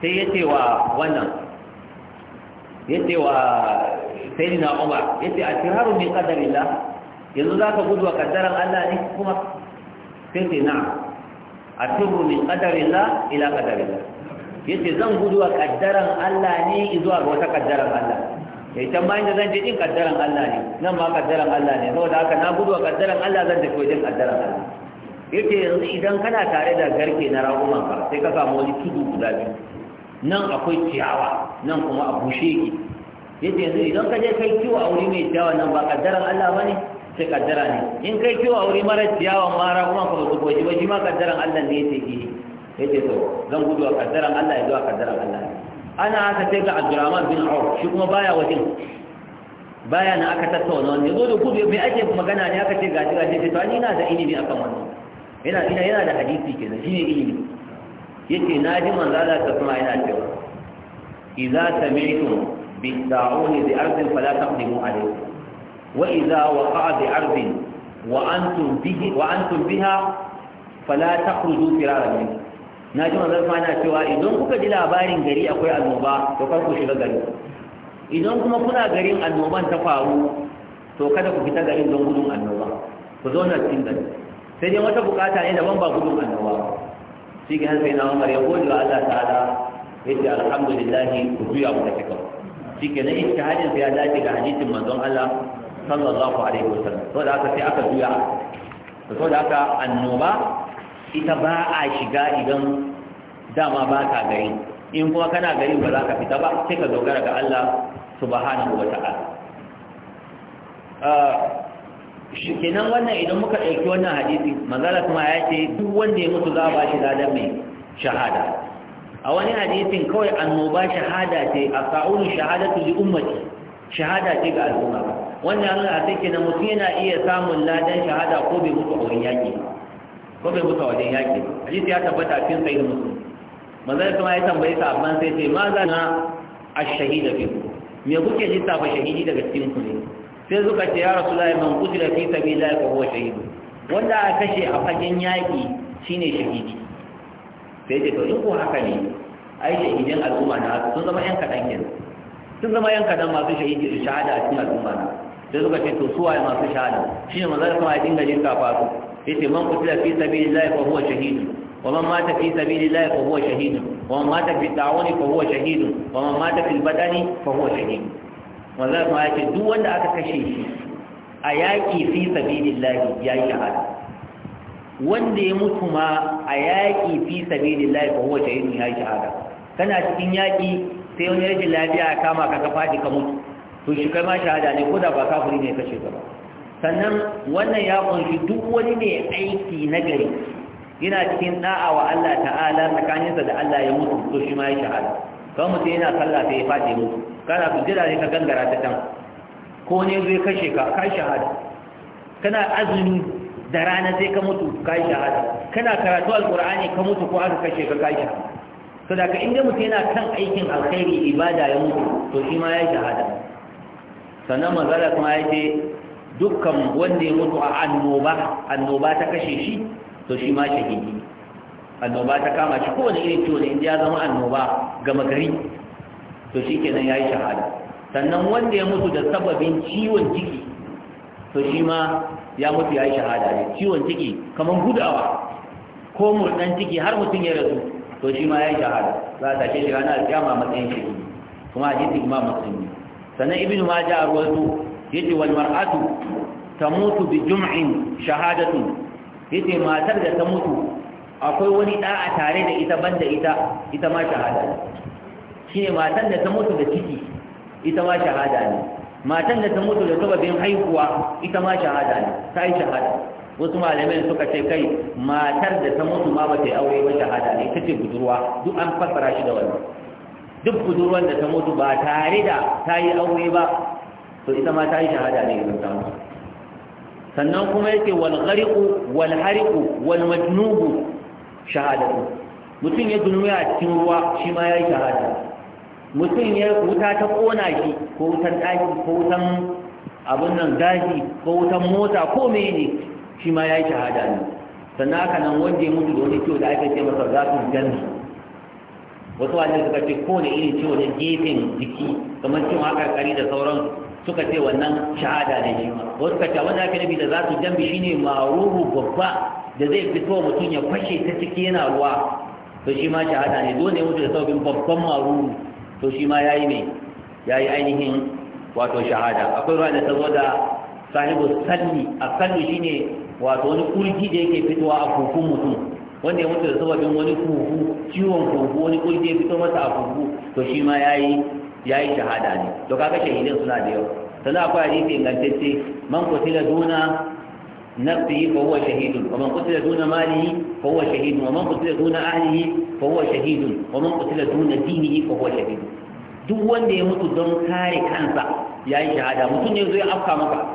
sai ya ce wa wannan ya ce wa sai na umar ya ce a tiraru min kadarillah yanzu za ka gudu a kaddaran allah ne kuma sai na a tuhu min qadarillah ila qadarillah yace zan gudu a kaddaran Allah ne zuwa ga wata kaddaran Allah sai can bayan da zan je din kaddaran Allah ne nan ma kaddaran Allah ne saboda haka na gudu a kaddaran Allah zan tafi wajen kaddaran Allah yace yanzu idan kana tare da garke na raguman ka sai ka samu wani tudu guda biyu nan akwai ciyawa nan kuma a bushe ki yace yanzu idan ka je kai kiwo a wuri mai ciyawa nan ba kaddaran Allah ba ne? ce kaddara ne in kai kyau a wuri mara ciyawa mara kuma kuma mutu goji ba shi ma kaddaran Allah ne yake gini yake to zan gudu a kaddaran Allah ya zuwa kaddaran Allah ana haka sai ga Abdurrahman bin Auf shi kuma baya wajen baya na aka tattauna wani zo da gudu mai ake magana ne aka ce gashi gashi to ni na da ilimi akan wannan yana ina yana da hadisi kenan shine ilimi yace na ji manzo Allah ta kuma yana cewa idza sami'tum bi ta'uni bi ardin fala taqdimu alayhi وإذا وقع بعرض وأنتم, به وأنتم بها فلا تخرجوا فرارا منه na ji manzon fa cewa idan kuka ji labarin gari akwai annoba to kar ku shiga gari idan kuma kuna garin annoban ta faru to kada ku fita garin don gudun annoba ku zauna cikin gari sai dai wata bukata ne daban ba gudun annoba shi ga sai na Umar ya gode wa Allah ya yace alhamdulillahi ku juya mu da kika shi ke nan ijtihadin sai ya dace ga hadisin manzon Allah sallallahu alaihi wasallam to da aka sai aka juya to da aka annoba ita ba a shiga idan dama ba ka gari in kuma kana gari ba za ka fita ba sai ka dogara ga Allah subhanahu wa ta'ala ah, shi kenan wannan idan muka ɗauki wannan hadisi manzala kuma ya ce duk wanda ya mutu za a ba shi ladan mai shahada a wani hadisin kawai annoba shahada ce a sa'unu shahadatu li ummati shahada ce ga al'umma wannan Allah a take na mutum yana iya samun ladan shahada ko bai mutu a wurin yaƙi ko bai mutu a wajen yaƙi hadisi ya tabbata a cikin sahihin muslim manzon kuma ya tambaye sahabban sai ce ma za na ash-shahida fi me kuke lissafa shahidi daga cikin ku ne sai suka ce ya rasulullahi man qutila fi sabilillahi fa huwa shahid wanda aka kashe a fagen yaƙi shine shahidi sai ce to in ko haka ne ai shahidan al'umma na sun zama yan kaɗan kenan sun zama yan kaɗan masu shahidi shahada a cikin al'umma na sai suka ce to suwaye masu shahada shi ne manzara kuma ya dinga jin Ya ce, man kutila fi sabilillahi fa huwa shahidun wa man mata fi sabilillahi fa huwa shahidun wa man mata fi ta'awuni fa huwa shahidun wa man mata fil badani fa huwa shahidun manzara kuma ya ce duk wanda aka kashe shi a yaƙi fi sabilillahi ya yi shahada wanda ya mutu ma a yaƙi fi sabilillahi fa huwa shahidun ya yi shahada kana cikin yaƙi sai wani rashin lafiya ya kama ka ka faɗi ka mutu to shi kai ma shahada ne ko da ba kafiri ne ka ka ba sannan wannan ya kunshi duk wani ne aiki na gari yana cikin da'a wa Allah ta'ala tsakaninsa da Allah ya mutu to shi ma ya shahada kawai mutum yana sallah sai ya fadi mutu kana sujjada ne ka gangara ta can ko ne zai kashe ka ka shahada kana azumi da rana sai ka mutu ka shahada kana karatu alqur'ani ka mutu ko aka kashe ka ka shahada saboda ka inda mutum yana kan aikin alkhairi ibada ya mutu to shi ma ya shahada sannan manzala kuma ya ce dukkan wanda ya mutu a annoba annoba ta kashe shi to shi ma shahidi annoba ta kama shi kowane irin ciwo ne inda ya zama annoba gama gari to shi kenan ya yi shahada sannan wanda ya mutu da sababin ciwon ciki to shi ma ya mutu ya yi shahada ne ciwon ciki kamar gudawa ko murɗan ciki har mutum ya rasu to shi ma ya yi shahada za a tashe shi ranar alƙiyama matsayin shi kuma a jikin imam musulmi sannan ibnu majah arwato yace wal mar'atu tamutu bi jum'in shahadatu yace matar da ta mutu akwai wani da a tare da ita banda ita ita ma shahada shine matan da ta mutu da ciki ita ma shahada ne matan da ta mutu da sababin haihuwa ita ma shahada ne ta yi shahada wasu malamai suka ce kai matar da ta mutu ma ta yi aure ba shahada ne ita ce budurwa duk an fassara shi da wannan duk budurwar da ta mutu ba tare da ta yi aure ba to ita ma ta yi shahada ne idan ta sannan kuma yake wal ghariqu wal hariqu wal majnubu shahadatu mutum ya dunuya a cikin ruwa shi ma ya yi shahada mutum ya wuta ta kona shi ko wutan ɗaki ko wutan abin nan daji ko wutan mota ko mene shi ma ya yi shahada ne sannan haka nan wanda ya mutu da wani ciwo da aka ce masa zafin jannu wasu wani suka ce kowane irin ciwo na gefen jiki kamar ciwon hakarkari da sauran suka ce wannan shahada ne shi wasu suka ce wanda aka nabi da za su jambi ne maruru babba da zai fito mutum ya fashe ta ciki yana ruwa to shi ma shahada ne dole mutu da saukin babban maruru to shi ma yi mai yayi ainihin wato shahada akwai ruwa da zo da sahibu salli a salli ne wato wani kurki da yake fitowa a kukun mutum wanda ya mutu da sababin wani kogo ciwon kogo wani ko ya fito masa a kogo to shi ma yayi yayi shahada ne to kaga shahidin suna da yau sannan akwai hadisi ingantacce man kutila duna nafsihi fa huwa shahidun wa man kutila duna malihi fa huwa shahidun wa man kutila duna ahlihi fa huwa shahidun wa man kutila duna dinihi fa huwa shahidun duk wanda ya mutu don kare kansa ya yi shahada mutum ne zai afka maka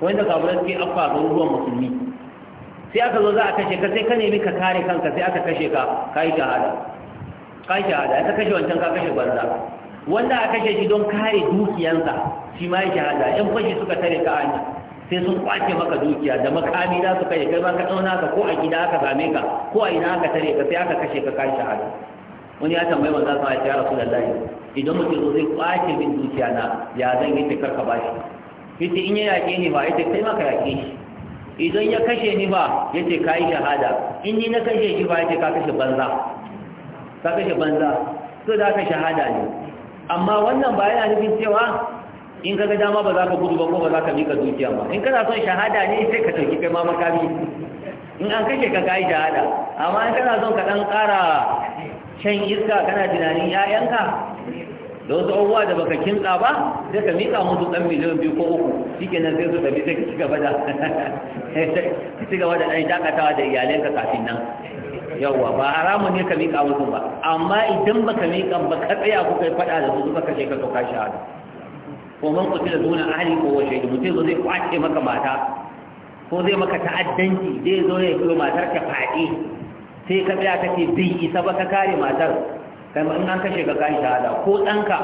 wanda kafirai ke afka ga ruwan musulmi sai aka zo za a kashe ka sai ka nemi ka kare kanka sai aka kashe ka ka yi shahada ka yi shahada ya ka kashe wancan ka kashe banza wanda aka kashe shi don kare dukiyansa shi ma yi shahada yan fashi suka tare ka ani sai sun kwace maka dukiya da makami za su kai kai ma ka tsauna ka ko a gida aka same ka ko a ina aka tare ka sai aka kashe ka ka yi shahada wani ya tambayi manzo sallallahu alaihi rasu da rasulullahi idan mutum zo zai kwace min dukiya na ya zan yi ta karka bashi yace in ya yaƙe ni ba ita kai ma ka yake shi idan ya kashe ni ba ya ce ka yi shahada in ni na kashe shi ba ya ce ka kashe banza ka kashe banza so da aka shahada ne amma wannan ba yana nufin cewa in ka ga dama ba za ka gudu ba ko ba za ka mika dukiya ba in kana son shahada ne sai ka ɗauki kai ma makami in an kashe ka ka yi shahada amma in kana son ka ɗan ƙara shan iska kana tunanin 'ya'yanka da wasu abubuwa da baka kinta ba sai ka mika musu dan miliyan biyu ko uku shike nan sai su tafi sai ka cigaba da ka cigaba da ɗan dakatawa da iyalanka kafin nan yawwa ba haramun ne ka mika musu ba amma idan baka mika ba ka tsaya ku kai faɗa da su baka kashe ka to ka haɗu ko man kutila duna ahli ko wace mutum zai kwace maka mata ko zai maka ta'addanci zai zo ya yi matar ka faɗi sai ka tsaya ce, bai isa ba ka kare matar kai in an kashe ka kai shahada ko ɗanka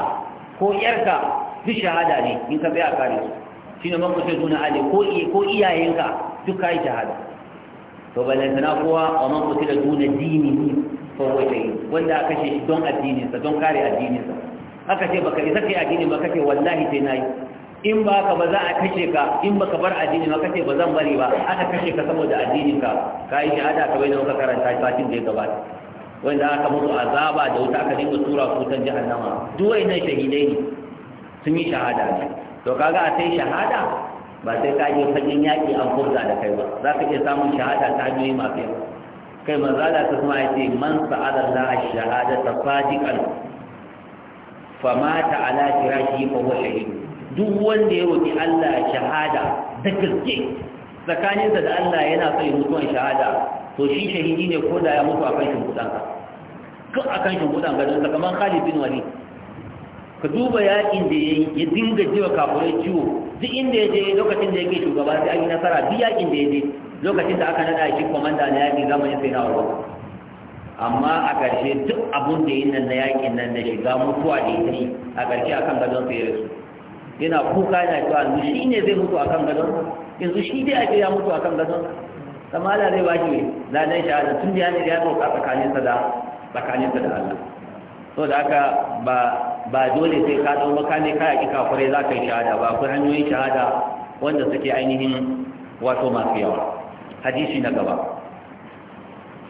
ko ƴarka duk shahada ne in ka a kare su shine man kusa duna ali ko iyayenka duk kai shahada to na kowa wa man kusa duna dini ne fa wai wanda a kashe shi don addininsa, don kare addininsa, sa aka ce baka isa kai addini ba kace wallahi sai na yi. in ba ka ba za a kashe ka in ba ka bar addini ba kace ba zan bari ba aka kashe ka saboda addininka ka kai shahada ka bai da ka karanta fatin da ya gabata wanda aka mutu azaba da wuta aka dinga tura su ta jahannama duk wayannan shahidai ne sun yi shahada ne to kaga a sai shahada ba sai ka je fagen yaƙi an furza da kai ba za ka iya samun shahada ta hanyoyi masu yawa kai manzo Allah ta kuma yace man sa'ada Allah shahadata sadiqan famata ala firashi fa huwa shahid duk wanda ya roki Allah shahada da gaske tsakaninsa da Allah yana so ya mutuwan shahada to shi shahidi ne ko da ya mutu akan shimfiɗan ka duk akan shimfiɗan ka don kamar Khalid bin wani. ka duba yakin da ya ya dinga jiwa kafurai ciwo duk inda ya je lokacin da ya ke shugaba sai an yi nasara duk yakin da ya je lokacin da aka nada shi komanda na yaƙi zamanin sai na wa amma a ƙarshe duk abun da yi nan na yaƙin nan da shiga mutuwa da ya yi a ƙarshe akan gadon sai ya yana kuka yana cewa yanzu shi ne zai mutu akan gadon yanzu shi dai ake ya mutu akan gadon amma Allah zai baki ne shahada tun da yana da ya roƙa tsakanin da tsakanin da Allah so da aka, ba ba dole sai ka dau makami ka yaki kafirai za ka yi shahada ba akwai hanyoyin shahada wanda suke ainihin wato masu yawa hadisi na gaba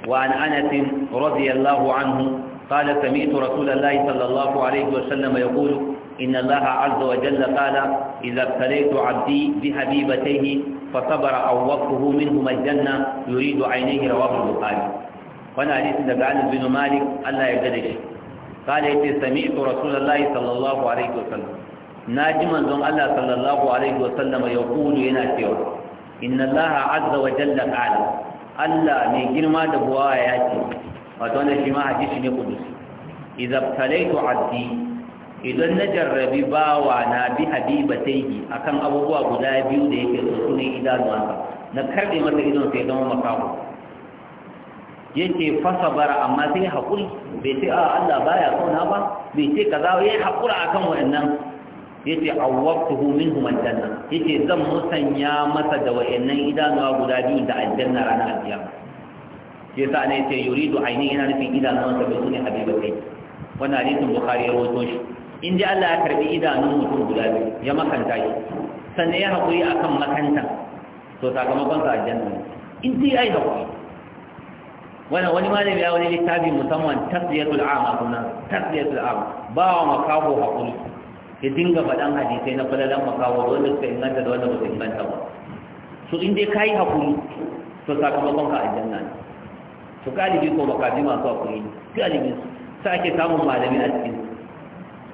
wa أنس رضي الله عنه قال سمعت رسول الله صلى الله عليه وسلم يقول إن الله عز وجل قال إذا ابتليت عبدي بحبيبتيه فصبر أو وقفه منهما الجنة يريد عينيه رواه البخاري وانا حديث دقان بن مالك الله يجدش قال يتي سمعت رسول الله صلى الله عليه وسلم ناجما زم الله صلى الله عليه وسلم يقول هنا سيو إن الله عز وجل قال الله من جرما دبوا ياتي وتوانا شما حديث قدس إذا ابتليت عبدي idan na jarrabi bawa na bi habiba taiji akan abubuwa guda biyu da yake so su ne idanuwansa na karbe masa idon sai zama makaho yake fasa bara amma sai haƙuri bai ce a Allah baya kauna ba bai ce kaza ya haƙura akan wayannan yace awwaqtuhu minhum aljanna yake zan musanya masa da wayannan idanuwa guda biyu da aljanna ranar alkiyama sai sa ne yace yuridu aini yana nufin idanuwan sa bai sune taiji wannan hadisin bukhari ya rawaito shi in ji Allah ya karbi idanun mutum guda biyu ya makanta shi sannan ya haƙuri a kan makantan to sakamakon sa nan in ji ya yi haƙuri wannan wani malami ya wani littafi musamman tasliyatul ama sunan tasliyatul ama ba wa makaho haƙuri ya dinga faɗan hadisai na falalan makaho da wanda suka inganta da wanda ba su inganta ba su in dai ka yi haƙuri to sakamakon ka ajiyar nan to galibi ko makafi masu haƙuri galibin su sa ake samun malami a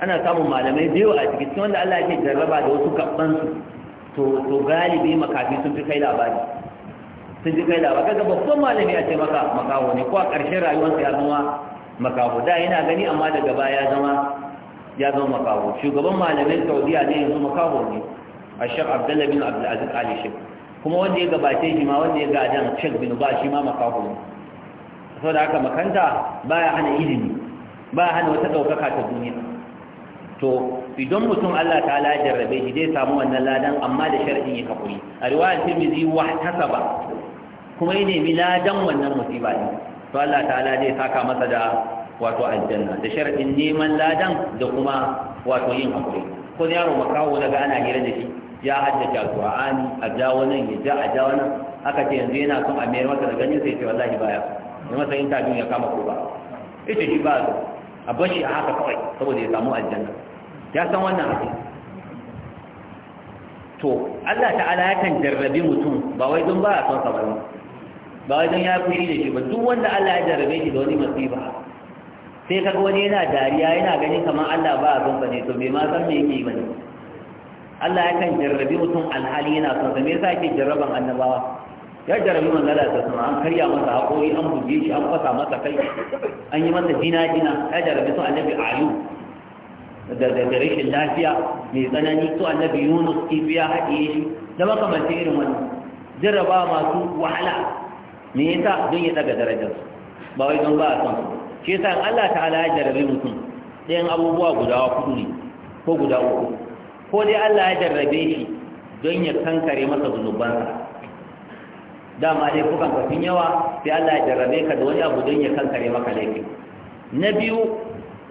ana samun malamai da yau a cikin cikin wanda Allah ya jarraba da wasu gabansu to to galibi makafi sun fi kai labari sun fi kai labari kaga babban malami a ce maka makaho ne ko a ƙarshen rayuwarsa ya zama makaho da yana gani amma daga baya ya zama ya zama makaho shugaban malamin Saudiya ne yanzu makaho ne a Ashar Abdullahi bin Abdulaziz Ali Sheikh kuma wanda ya gabace shi ma wanda ya gadan Sheikh bin Ba shi ma makaho ne saboda haka makanta baya hana ilimi baya hana wata daukaka ta duniya to idan mutum Allah ta'ala ya jarrabe shi zai samu wannan ladan amma da sharadin ya kafuri a riwayar Tirmidhi wa tasaba kuma ya nemi ladan wannan musiba ne to Allah ta ta'ala zai saka masa da wato aljanna da sharadin neman ladan da kuma wato yin hakuri ko yaro makawo daga ana hira da shi ya haddace alqur'ani a jawo nan ya ja a jawo nan aka ce yanzu yana son a mayar masa da ganin sai ce wallahi baya ya masa yin tabin ya kama ko ba ita shi ba a bashi a haka kawai saboda ya samu aljanna ya san wannan abin to Allah ta'ala yakan jarrabi mutum ba wai don ba a son sa ba wai don ya fushi da shi ba duk wanda Allah ya jarrabe shi da wani masifa sai kaga wani yana dariya yana gani kamar Allah ba a son sa ne to me ma san me yake ba ne Allah kan jarrabi mutum alhali yana son sa me yasa yake jarraban annabawa ya jarabi man lalata sama an karya masa haƙori an buge shi an fasa masa kai an yi masa jina jina ya jarabi su annabi ayu Daga da rashin lafiya mai tsanani to annabi yunus kibiya haɗiye shi da makamanta irin wannan jarraba masu wahala me yasa don ya daga darajar ba wai don ba a son shi yasa in Allah ta'ala ya jarrabe mutum ɗayan abubuwa guda hudu ne ko guda uku ko dai Allah ya jarrabe shi don ya kankare masa zunubansa dama dai kukan kafin yawa sai Allah ya jarrabe ka da wani abu don ya kankare maka laifi na biyu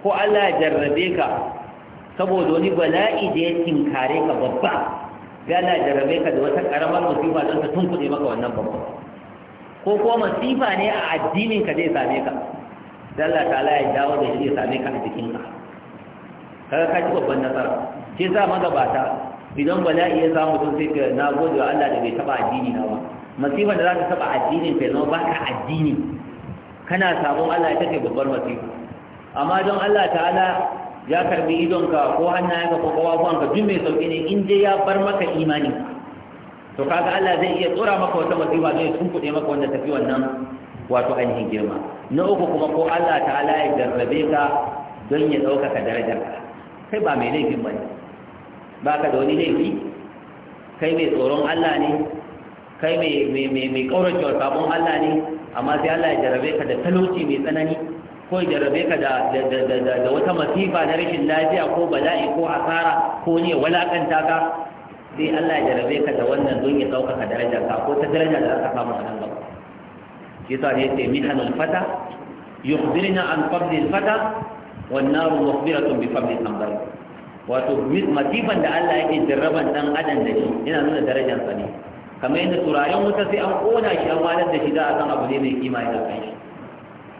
ko Allah ya jarrabe ka saboda wani bala'i da ya tinkare ka babba da rame ka da wata karamar musifa don ta tunkuɗe maka wannan babba ko kuma masifa ne a addinin ka zai same ka Allah ta'ala ya dawo da shi ya same ka a cikin ka kaga ka ci babban nasara za sa gabata idan bala'i ya samu don sai ka na gode wa Allah da bai taba addini na ba masifa da za ka taba addinin ka zama baka addini kana sabon Allah ya take babbar masifa amma don Allah ta'ala ya karbi idonka ko hannayenka ko kawafuwanka duk mai sauki ne in je ya bar maka imani to kaga Allah zai iya tsora maka wata masifa zai tunkuɗe maka wanda tafi wannan wato ainihin girma na uku kuma ko Allah ta'ala ya jarrabe ka don ya ɗaukaka darajar kai ba mai laifin ba ne ba ka da wani laifi kai mai tsoron Allah ne kai mai mai mai mai sabon Allah ne amma sai Allah ya jarrabe ka da talauci mai tsanani ko ya jarrabe ka da wata masifa na rashin lafiya ko bala'i ko asara ko ne walakanta ka sai Allah ya jarabe ka da wannan don ya ɗaukaka darajar ka ko ta darajar da aka samu a nan gaba shi sa ne sai mihan alfata yukhbirna an fadli alfata wan naru mukhbiratun bi fadli al-amdar wato masifan da Allah yake jarraban dan adam da shi yana nuna darajar sa ne kamar yadda turaren wuta sai an kona shi an walar da shi za a san abu ne mai kima da kai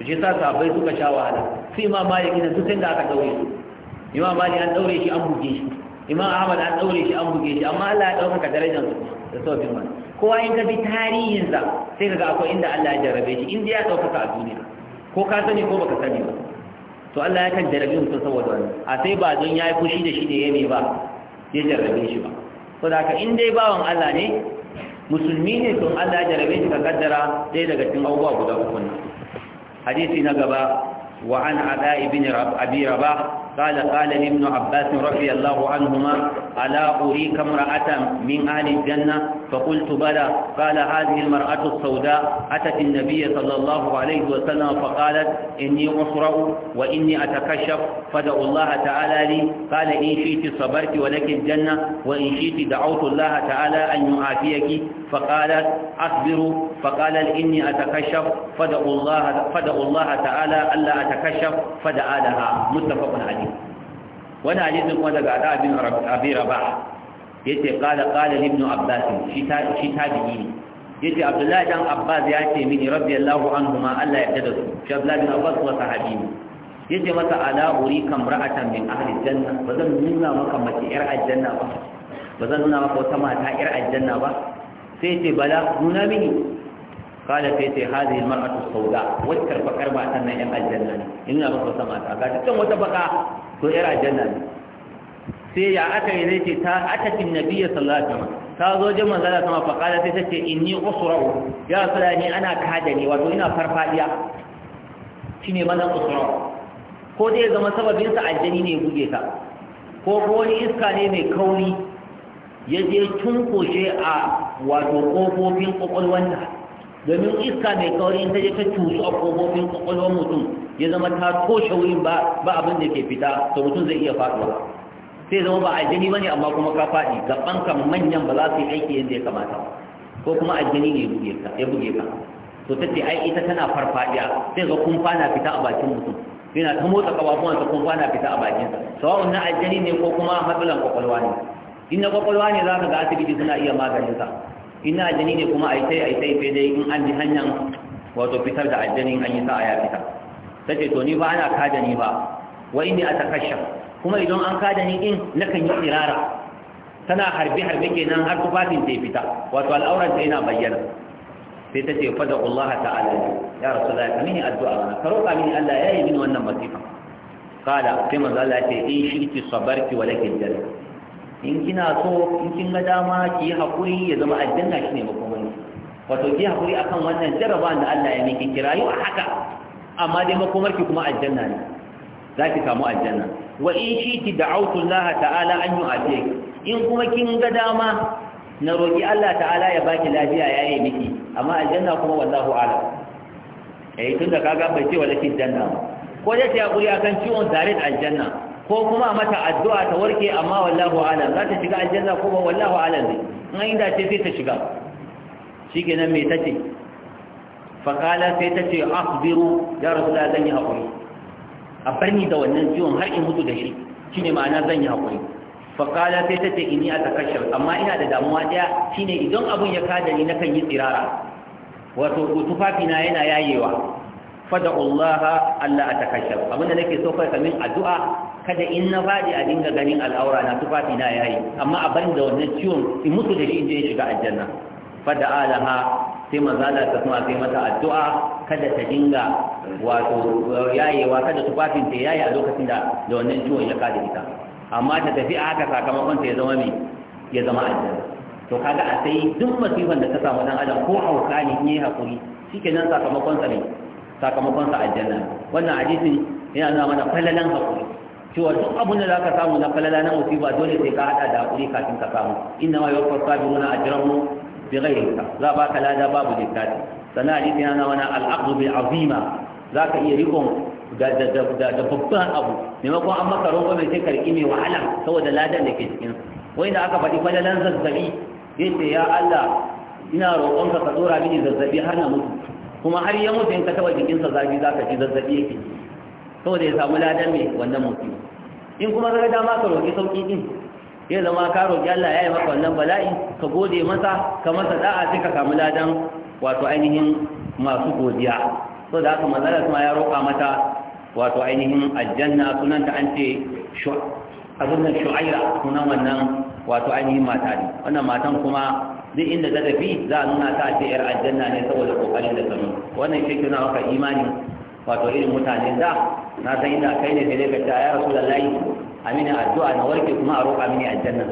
shi sa bai suka sha wahala su imam malik ina duk da aka daure su imam malik an daure shi an buge shi imam ahmad an daure shi an buge shi amma Allah ya dauka darajar su da sauƙin wani kowa in ka bi sa sai ka ga akwai inda Allah ya jarabe shi inda ya ɗaukaka a duniya ko ka sani ko baka sani ba to Allah ya kan jarabe mutum saboda wani a sai ba don ya yi fushi da shi da ya ba ya jarabe shi ba ko da ka in dai bawan Allah ne musulmi ne to Allah ya jarabe shi ka kaddara ɗaya daga cikin abubuwa guda uku nan hadisi na gaba wa an ada ibn abi قال قال ابن عباس رضي الله عنهما ألا أريك امرأة من أهل الجنة فقلت بلى قال هذه المرأة السوداء أتت النبي صلى الله عليه وسلم فقالت إني أحرأ وإني أتكشف فدعوا الله تعالى لي قال إن شئت صبرت ولك الجنة وإن شئت دعوت الله تعالى أن يعافيك فقالت أخبر فقال إني أتكشف فدعوا الله, فدعوا الله تعالى ألا أتكشف فدعا لها متفق عليه wani hadisin kuma daga ada bin abi Ya ce qala qala ibn abbas shi ta shi tabi'i ne yace abdullahi dan abbas ya ce mini radiyallahu anhuma Allah ya tada su shi abdullahi bin abbas wa sahabi ne. Ya ce masa ala kan ra'atan min ahli janna zan nuna maka mace yar aljanna ba Ba zan nuna maka wata mata yar aljanna ba sai yace bala nuna mini qala sai yace hadhihi almar'atu sawda wacce bakar matan nan yan aljanna ne in nuna maka wata mata ga dukkan wata baka to yar aljanna ne sai ya aka yi ne ce ta atatin nabiyya ya alaihi wasallam ta zo jin manzala sama fa kada sai tace inni usra'u ya rasulani ana kada ne wato ina farfadiya shine manan usra'u ko dai zama sababin sa aljani ne buge ta ko ko wani iska ne mai kauri ya je tunkoshe a wato kofofin ƙwaƙwalwanta. domin iska mai kauri in ta je ta cusu a kogobin kwakwalwar mutum ya zama ta toshe wurin ba ba abin da ke fita to mutum zai iya faɗuwa sai zama ba aljini ba ne amma kuma ka faɗi gaban kan manyan ba za su yi aiki yadda ya kamata ko kuma aljini ne ya buge ka to ta ce ai ita tana farfadiya sai ga kumfa na fita a bakin mutum yana ta motsa ta kumfa na fita a bakin sa. sawa'un na aljini ne ko kuma matsalan kwakwalwa ne in na kwakwalwa ne za ka ga asibiti suna iya maganin sa. ina aljani ne kuma a yi sai a yi sai sai dai in an ji hanyar wato fitar da aljanin an yi sa'a ya fita ta ce to ni ba ana kada ni ba Wai inni a takasha kuma idan an kada ni din nakan yi tsirara tana harbe harbe kenan har tufafin ta fita wato al'auran ta yana bayyana sai ta ce fada Allah ta'ala ya rasulullahi ka mini addu'a ka roƙa mini Allah ya yi mini wannan masifa Kada sai manzo Allah ya ce in shirki sabarti wa lakil jannah in kina so in kin ga dama ki yi haƙuri ya zama aljanna shine makoman wato ki hakuri akan wannan jarraba da Allah ya miki kirayu a haka amma dai makomar ki kuma aljanna ne za ki samu aljanna wa in shi ti da'awtu Allah ta'ala an yu'afiya in kuma kin ga dama na roƙi Allah ta'ala ya baki lafiya ya yi miki amma aljanna kuma wallahu a'lam eh tunda kaga bai ce walakin janna ko dai ta haƙuri akan ciwon zarin aljanna ko kuma mata addu'a ta warke amma wallahu alam za ta shiga aljanna ko ba wallahu alam ne in an inda ce sai ta shiga shikenan me tace faqala sai tace akhbiru ya rasulullah zan yi hakuri a bar ni da wannan ciwon har in mutu da shi shine ma'ana zan yi hakuri faqala sai tace inni atakashshar amma ina da damuwa daya shine idan abun ya kada ni nakan yi tsirara wato tufafi na yana yayewa fada'u Allah Allah atakashaf abinda nake so kai kamin addu'a kada in na fadi a dinga ganin al'aura na tufafi na yayi amma a bani da wannan ciwon in mutu da shi in je shiga aljanna fada'a laha sai manzala ta kuma sai mata addu'a kada ta dinga wato yayewa kada tufafin ta yaye a lokacin da da wannan ciwon ya kada ita amma ta tafi a haka sakamakon ta ya zama me ya zama aljanna to kaga a sai duk masifan da ta samu dan adam ko hauka ne in yi hakuri shikenan sakamakon sa ne sakamakon sa aljanna wannan hadisin yana nuna mana falalan hakuri cewa duk abin da zaka samu na falala na musiba dole sai ka hada da hakuri kafin ka samu inna ma yuwaffa sabiruna ajrahum bighairi za ba ka lada babu littafi sannan hadisin yana nuna mana al-aqdu bil azima zaka iya rikon da babban abu maimakon an maka roƙo mai sai karki mai wahala saboda ladan da ke cikin wai da aka faɗi falalan zazzabi yace ya Allah ina roƙonka ka tsora mini zazzabi har na mutu kuma har ya mutu in ka taba jikinsa zafi za ka ji zazzabi yake saboda ya samu ladan ne wannan mutum in kuma ka dama ka roƙi sauƙi ɗin, ya zama ka roƙi Allah ya yi maka wannan bala'i ka gode masa ka masa da'a sai ka samu ladan wato ainihin masu godiya so da haka manzala kuma ya roƙa mata wato ainihin aljanna sunanta an ce abin nan shu'aira sunan wannan wato ainihin mata ne wannan matan kuma duk inda ta tafi za a nuna ta ce yar aljanna ne saboda kokarin da ta wannan shi tuna maka imani wato irin mutane da na san inda kai ne sai ka ta ya rasu da layi rasulullahi amina addu'a na warke kuma a roƙa mini aljanna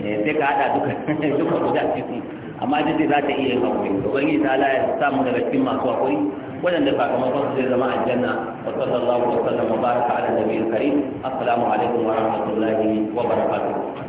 eh, sai ka hada duka duka guda ciki amma duk da za ta iya yin hakuri ubangiji ta ala ya samu daga cikin masu hakuri waɗanda sakamakon su zai zama aljanna wa sallallahu wa sallam wa baraka ala nabiyil karim assalamu alaikum wa rahmatullahi wa barakatuh